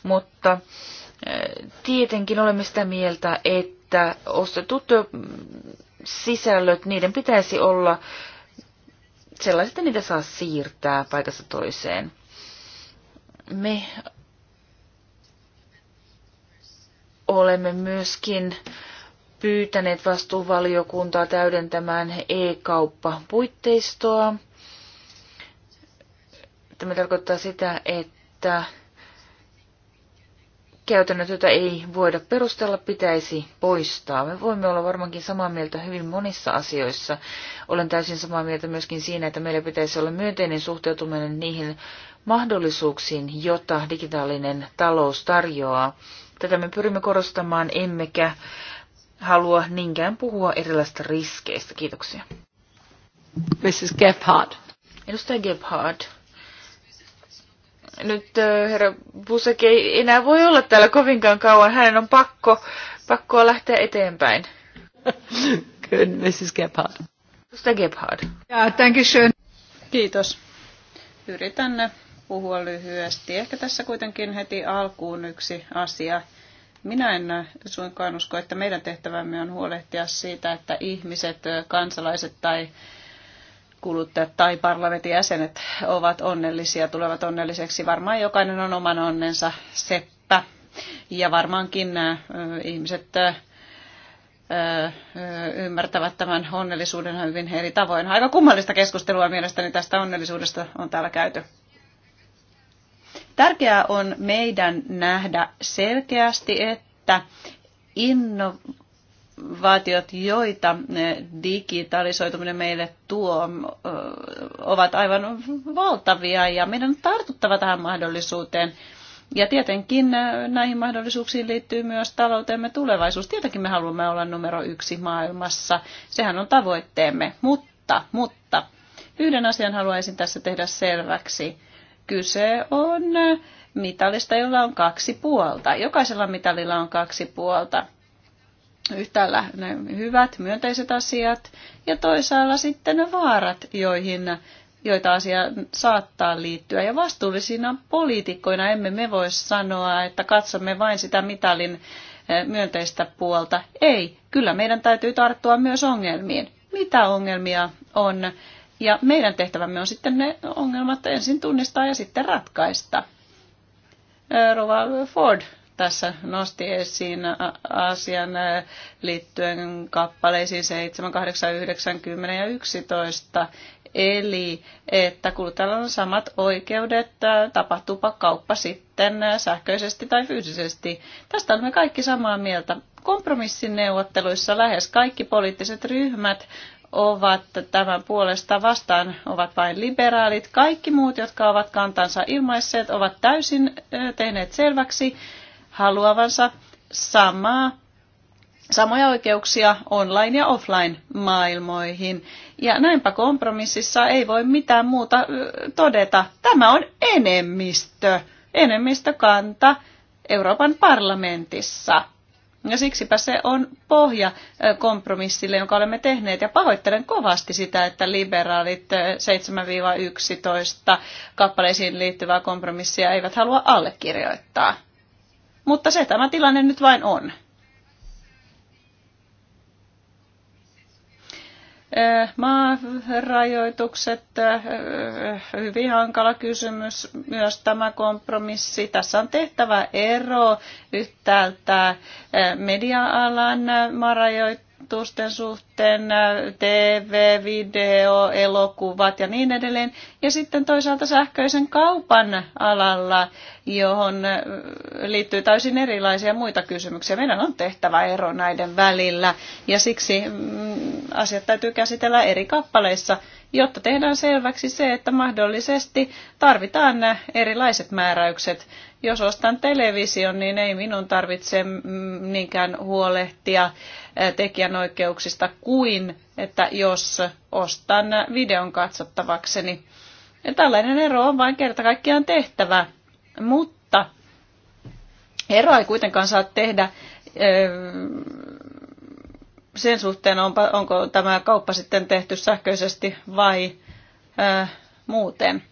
mutta eh, tietenkin olemme sitä mieltä, että ostetut eh, sisällöt, niiden pitäisi olla sellaiset, että niitä saa siirtää paikasta toiseen. Me olemme myöskin pyytäneet vastuuvaliokuntaa täydentämään e kauppapuitteistoa puitteistoa. Tämä tarkoittaa sitä, että käytännöt, joita ei voida perustella, pitäisi poistaa. Me voimme olla varmaankin samaa mieltä hyvin monissa asioissa. Olen täysin samaa mieltä myöskin siinä, että meillä pitäisi olla myönteinen suhteutuminen niihin mahdollisuuksiin, jota digitaalinen talous tarjoaa. Tätä me pyrimme korostamaan, emmekä halua niinkään puhua erilaisista riskeistä. Kiitoksia. Mrs. Gephardt. Edustaja Gephardt nyt herra Busek ei enää voi olla täällä kovinkaan kauan. Hänen on pakko, pakko lähteä eteenpäin. Good, Mrs. Gebhard. Mr. Gebhard. Yeah, thank you, schön.
Kiitos. Yritän puhua lyhyesti. Ehkä tässä kuitenkin heti alkuun yksi asia. Minä en suinkaan usko, että meidän tehtävämme on huolehtia siitä, että ihmiset, kansalaiset tai kuluttajat tai parlamentin jäsenet ovat onnellisia, tulevat onnelliseksi. Varmaan jokainen on oman onnensa seppä. Ja varmaankin nämä äh, ihmiset äh, äh, ymmärtävät tämän onnellisuuden hyvin eri tavoin. Aika kummallista keskustelua mielestäni tästä onnellisuudesta on täällä käyty. Tärkeää on meidän nähdä selkeästi, että innovaatio innovaatiot, joita digitalisoituminen meille tuo, ovat aivan valtavia ja meidän on tartuttava tähän mahdollisuuteen. Ja tietenkin näihin mahdollisuuksiin liittyy myös taloutemme tulevaisuus. Tietenkin me haluamme olla numero yksi maailmassa. Sehän on tavoitteemme. Mutta, mutta yhden asian haluaisin tässä tehdä selväksi. Kyse on mitalista, jolla on kaksi puolta. Jokaisella mitalilla on kaksi puolta yhtäällä ne hyvät, myönteiset asiat ja toisaalla sitten ne vaarat, joihin joita asia saattaa liittyä. Ja vastuullisina poliitikkoina emme me voi sanoa, että katsomme vain sitä mitalin eh, myönteistä puolta. Ei, kyllä meidän täytyy tarttua myös ongelmiin. Mitä ongelmia on? Ja meidän tehtävämme on sitten ne ongelmat ensin tunnistaa ja sitten ratkaista. Eh, Rova Ford tässä nosti esiin asian liittyen kappaleisiin 7, 8, 9, 10 ja 11. Eli että kuluttajalla on samat oikeudet, tapahtuupa kauppa sitten sähköisesti tai fyysisesti. Tästä olemme kaikki samaa mieltä. Kompromissineuvotteluissa lähes kaikki poliittiset ryhmät ovat tämän puolesta vastaan, ovat vain liberaalit. Kaikki muut, jotka ovat kantansa ilmaisseet, ovat täysin tehneet selväksi, haluavansa samaa samoja oikeuksia online- ja offline-maailmoihin. Ja näinpä kompromississa ei voi mitään muuta todeta. Tämä on enemmistö, enemmistökanta Euroopan parlamentissa. Ja siksipä se on pohja kompromissille, jonka olemme tehneet. Ja pahoittelen kovasti sitä, että liberaalit 7-11 kappaleisiin liittyvää kompromissia eivät halua allekirjoittaa. Mutta se tämä tilanne nyt vain on. Maarajoitukset, hyvin hankala kysymys, myös tämä kompromissi. Tässä on tehtävä ero yhtäältä media-alan maarajoitukset ulottuvuusten suhteen, TV, video, elokuvat ja niin edelleen. Ja sitten toisaalta sähköisen kaupan alalla, johon liittyy täysin erilaisia muita kysymyksiä. Meidän on tehtävä ero näiden välillä ja siksi mm, asiat täytyy käsitellä eri kappaleissa, jotta tehdään selväksi se, että mahdollisesti tarvitaan erilaiset määräykset jos ostan television, niin ei minun tarvitse niinkään huolehtia tekijänoikeuksista kuin, että jos ostan videon katsottavakseni. Ja tällainen ero on vain kerta kaikkiaan tehtävä, mutta eroa ei kuitenkaan saa tehdä sen suhteen, onko tämä kauppa sitten tehty sähköisesti vai muuten.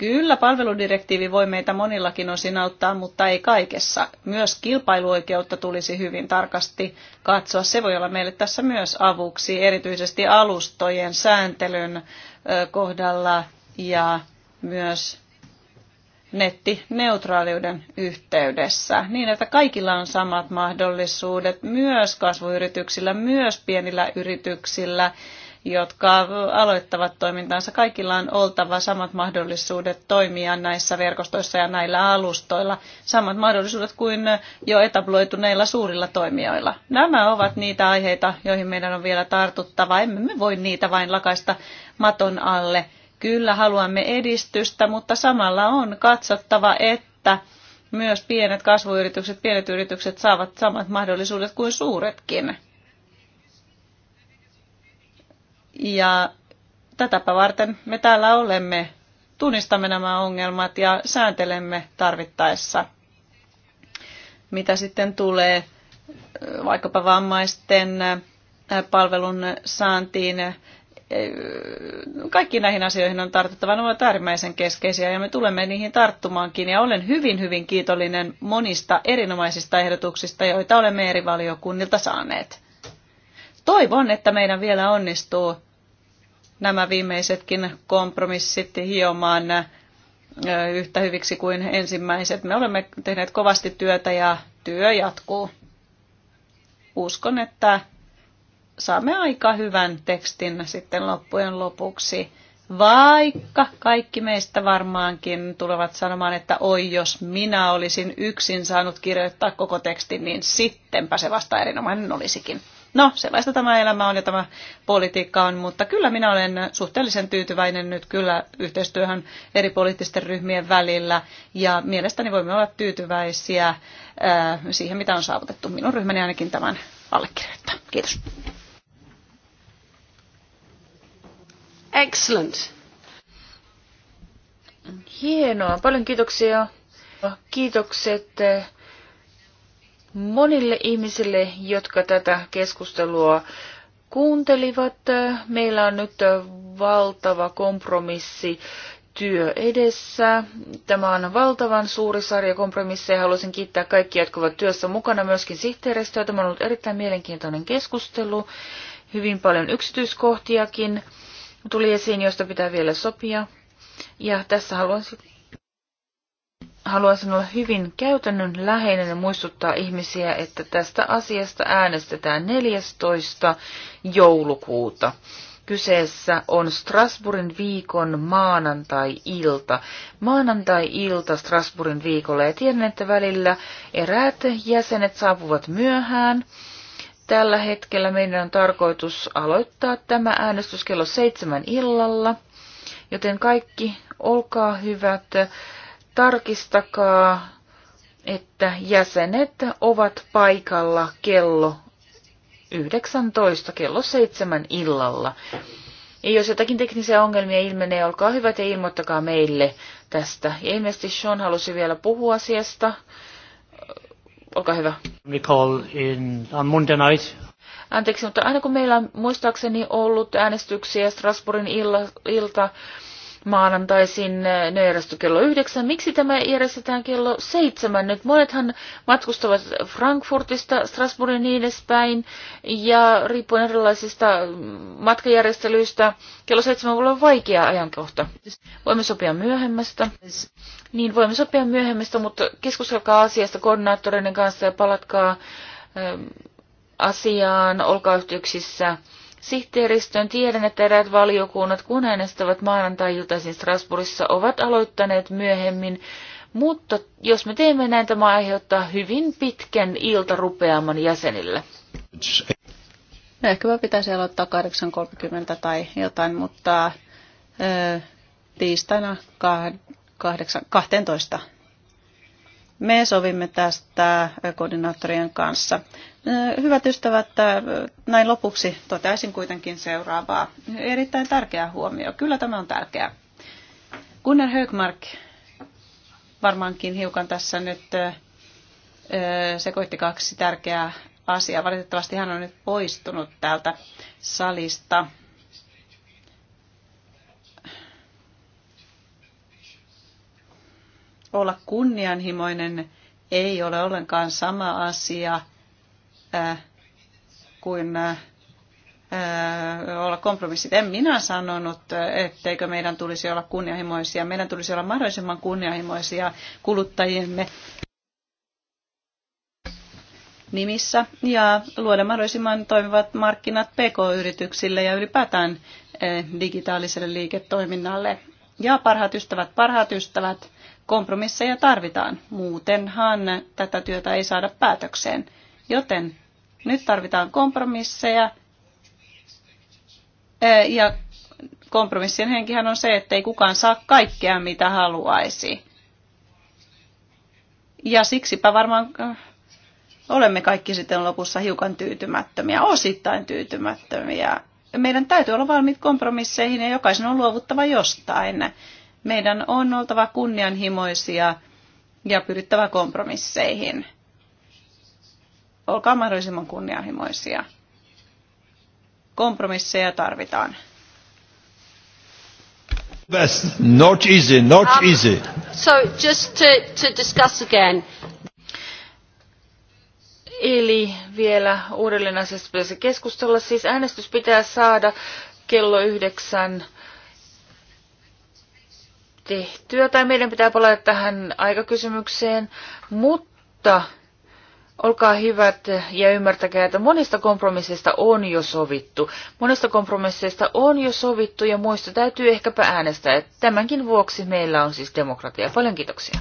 Kyllä palveludirektiivi voi meitä monillakin osin auttaa, mutta ei kaikessa. Myös kilpailuoikeutta tulisi hyvin tarkasti katsoa. Se voi olla meille tässä myös avuksi, erityisesti alustojen sääntelyn kohdalla ja myös nettineutraaliuden yhteydessä, niin että kaikilla on samat mahdollisuudet, myös kasvuyrityksillä, myös pienillä yrityksillä, jotka aloittavat toimintansa. Kaikilla on oltava samat mahdollisuudet toimia näissä verkostoissa ja näillä alustoilla. Samat mahdollisuudet kuin jo etabloituneilla suurilla toimijoilla. Nämä ovat niitä aiheita, joihin meidän on vielä tartuttava. Emme me voi niitä vain lakaista maton alle. Kyllä haluamme edistystä, mutta samalla on katsottava, että myös pienet kasvuyritykset, pienet yritykset saavat samat mahdollisuudet kuin suuretkin. Ja tätäpä varten me täällä olemme. Tunnistamme nämä ongelmat ja sääntelemme tarvittaessa. Mitä sitten tulee vaikkapa vammaisten palvelun saantiin, kaikki näihin asioihin on tartuttava. Ne ovat äärimmäisen keskeisiä ja me tulemme niihin tarttumaankin. Ja olen hyvin, hyvin kiitollinen monista erinomaisista ehdotuksista, joita olemme eri valiokunnilta saaneet. Toivon, että meidän vielä onnistuu nämä viimeisetkin kompromissit hiomaan yhtä hyviksi kuin ensimmäiset. Me olemme tehneet kovasti työtä ja työ jatkuu. Uskon, että saamme aika hyvän tekstin sitten loppujen lopuksi, vaikka kaikki meistä varmaankin tulevat sanomaan, että oi jos minä olisin yksin saanut kirjoittaa koko tekstin, niin sittenpä se vasta erinomainen olisikin. No, sellaista tämä elämä on ja tämä politiikka on, mutta kyllä minä olen suhteellisen tyytyväinen nyt kyllä yhteistyöhön eri poliittisten ryhmien välillä ja mielestäni voimme olla tyytyväisiä äh, siihen, mitä on saavutettu. Minun ryhmäni ainakin tämän
allekirjoittaa. Kiitos. Excellent. Hienoa. Paljon kiitoksia. Kiitokset äh, monille ihmisille, jotka tätä keskustelua kuuntelivat. Meillä on nyt valtava kompromissi työ edessä. Tämä on valtavan suuri sarja kompromisseja. Haluaisin kiittää kaikkia, jotka ovat työssä mukana, myöskin sihteeristöä. Tämä on ollut erittäin mielenkiintoinen keskustelu. Hyvin paljon yksityiskohtiakin tuli esiin, joista pitää vielä sopia. Ja tässä haluaisin haluaisin olla hyvin käytännön läheinen ja muistuttaa ihmisiä, että tästä asiasta äänestetään 14. joulukuuta. Kyseessä on Strasbourgin viikon maanantai-ilta. Maanantai-ilta Strasbourgin viikolla ja tiedän, että välillä eräät jäsenet saapuvat myöhään. Tällä hetkellä meidän on tarkoitus aloittaa tämä äänestys kello seitsemän illalla, joten kaikki olkaa hyvät tarkistakaa, että jäsenet ovat paikalla kello 19, kello 7 illalla. Ja jos jotakin teknisiä ongelmia ilmenee, olkaa hyvät ja ilmoittakaa meille tästä. Ja ilmeisesti Sean halusi vielä puhua asiasta. Olkaa hyvä. call in, on Monday night. Anteeksi, mutta aina kun meillä on muistaakseni ollut äänestyksiä Strasbourgin illa, ilta, maanantaisin eh, nöyrästö kello yhdeksän. Miksi tämä järjestetään kello seitsemän? Nyt monethan matkustavat Frankfurtista, Strasbourgin niin edespäin ja riippuen erilaisista mm, matkajärjestelyistä kello seitsemän voi olla vaikea ajankohta. Voimme sopia myöhemmästä. Niin, voimme sopia myöhemmästä, mutta keskustelkaa asiasta koordinaattoreiden kanssa ja palatkaa eh, asiaan, olkaa yhteyksissä Sihteeristön tiedän, että eräät valiokunnat, kun äänestävät maanantai-iltaisin Strasbourgissa, ovat aloittaneet myöhemmin, mutta jos me teemme näin, tämä aiheuttaa hyvin pitkän iltarupeaman jäsenille.
No mä pitäisi aloittaa 8.30 tai jotain, mutta äh, tiistaina 8, 12. Me sovimme tästä koordinaattorien kanssa. Hyvät ystävät, näin lopuksi toteaisin kuitenkin seuraavaa. Erittäin tärkeä huomio. Kyllä tämä on tärkeä. Gunnar Högmark varmaankin hiukan tässä nyt sekoitti kaksi tärkeää asiaa. Valitettavasti hän on nyt poistunut täältä salista. Olla kunnianhimoinen ei ole ollenkaan sama asia – Äh, kuin äh, olla kompromissit. En minä sanonut, etteikö meidän tulisi olla kunnianhimoisia. Meidän tulisi olla mahdollisimman kunnianhimoisia kuluttajiemme nimissä ja luoda mahdollisimman toimivat markkinat PK-yrityksille ja ylipäätään äh, digitaaliselle liiketoiminnalle. Ja parhaat ystävät, parhaat ystävät, kompromisseja tarvitaan. Muutenhan tätä työtä ei saada päätökseen. Joten nyt tarvitaan kompromisseja. Ja kompromissien henkihän on se, että ei kukaan saa kaikkea, mitä haluaisi. Ja siksipä varmaan olemme kaikki sitten lopussa hiukan tyytymättömiä, osittain tyytymättömiä. Meidän täytyy olla valmiit kompromisseihin ja jokaisen on luovuttava jostain. Meidän on oltava kunnianhimoisia ja pyrittävä kompromisseihin. Olkaa mahdollisimman kunnianhimoisia. Kompromisseja tarvitaan. Best. Not easy, not um, easy.
So just to, to discuss again. Eli vielä uudelleen asiasta pitäisi keskustella. Siis äänestys pitää saada kello yhdeksän tehtyä, tai meidän pitää palata tähän aikakysymykseen, mutta Olkaa hyvät ja ymmärtäkää, että monista kompromisseista on jo sovittu. Monista kompromisseista on jo sovittu ja muista täytyy ehkäpä äänestää. Tämänkin vuoksi meillä on siis demokratia. Paljon kiitoksia.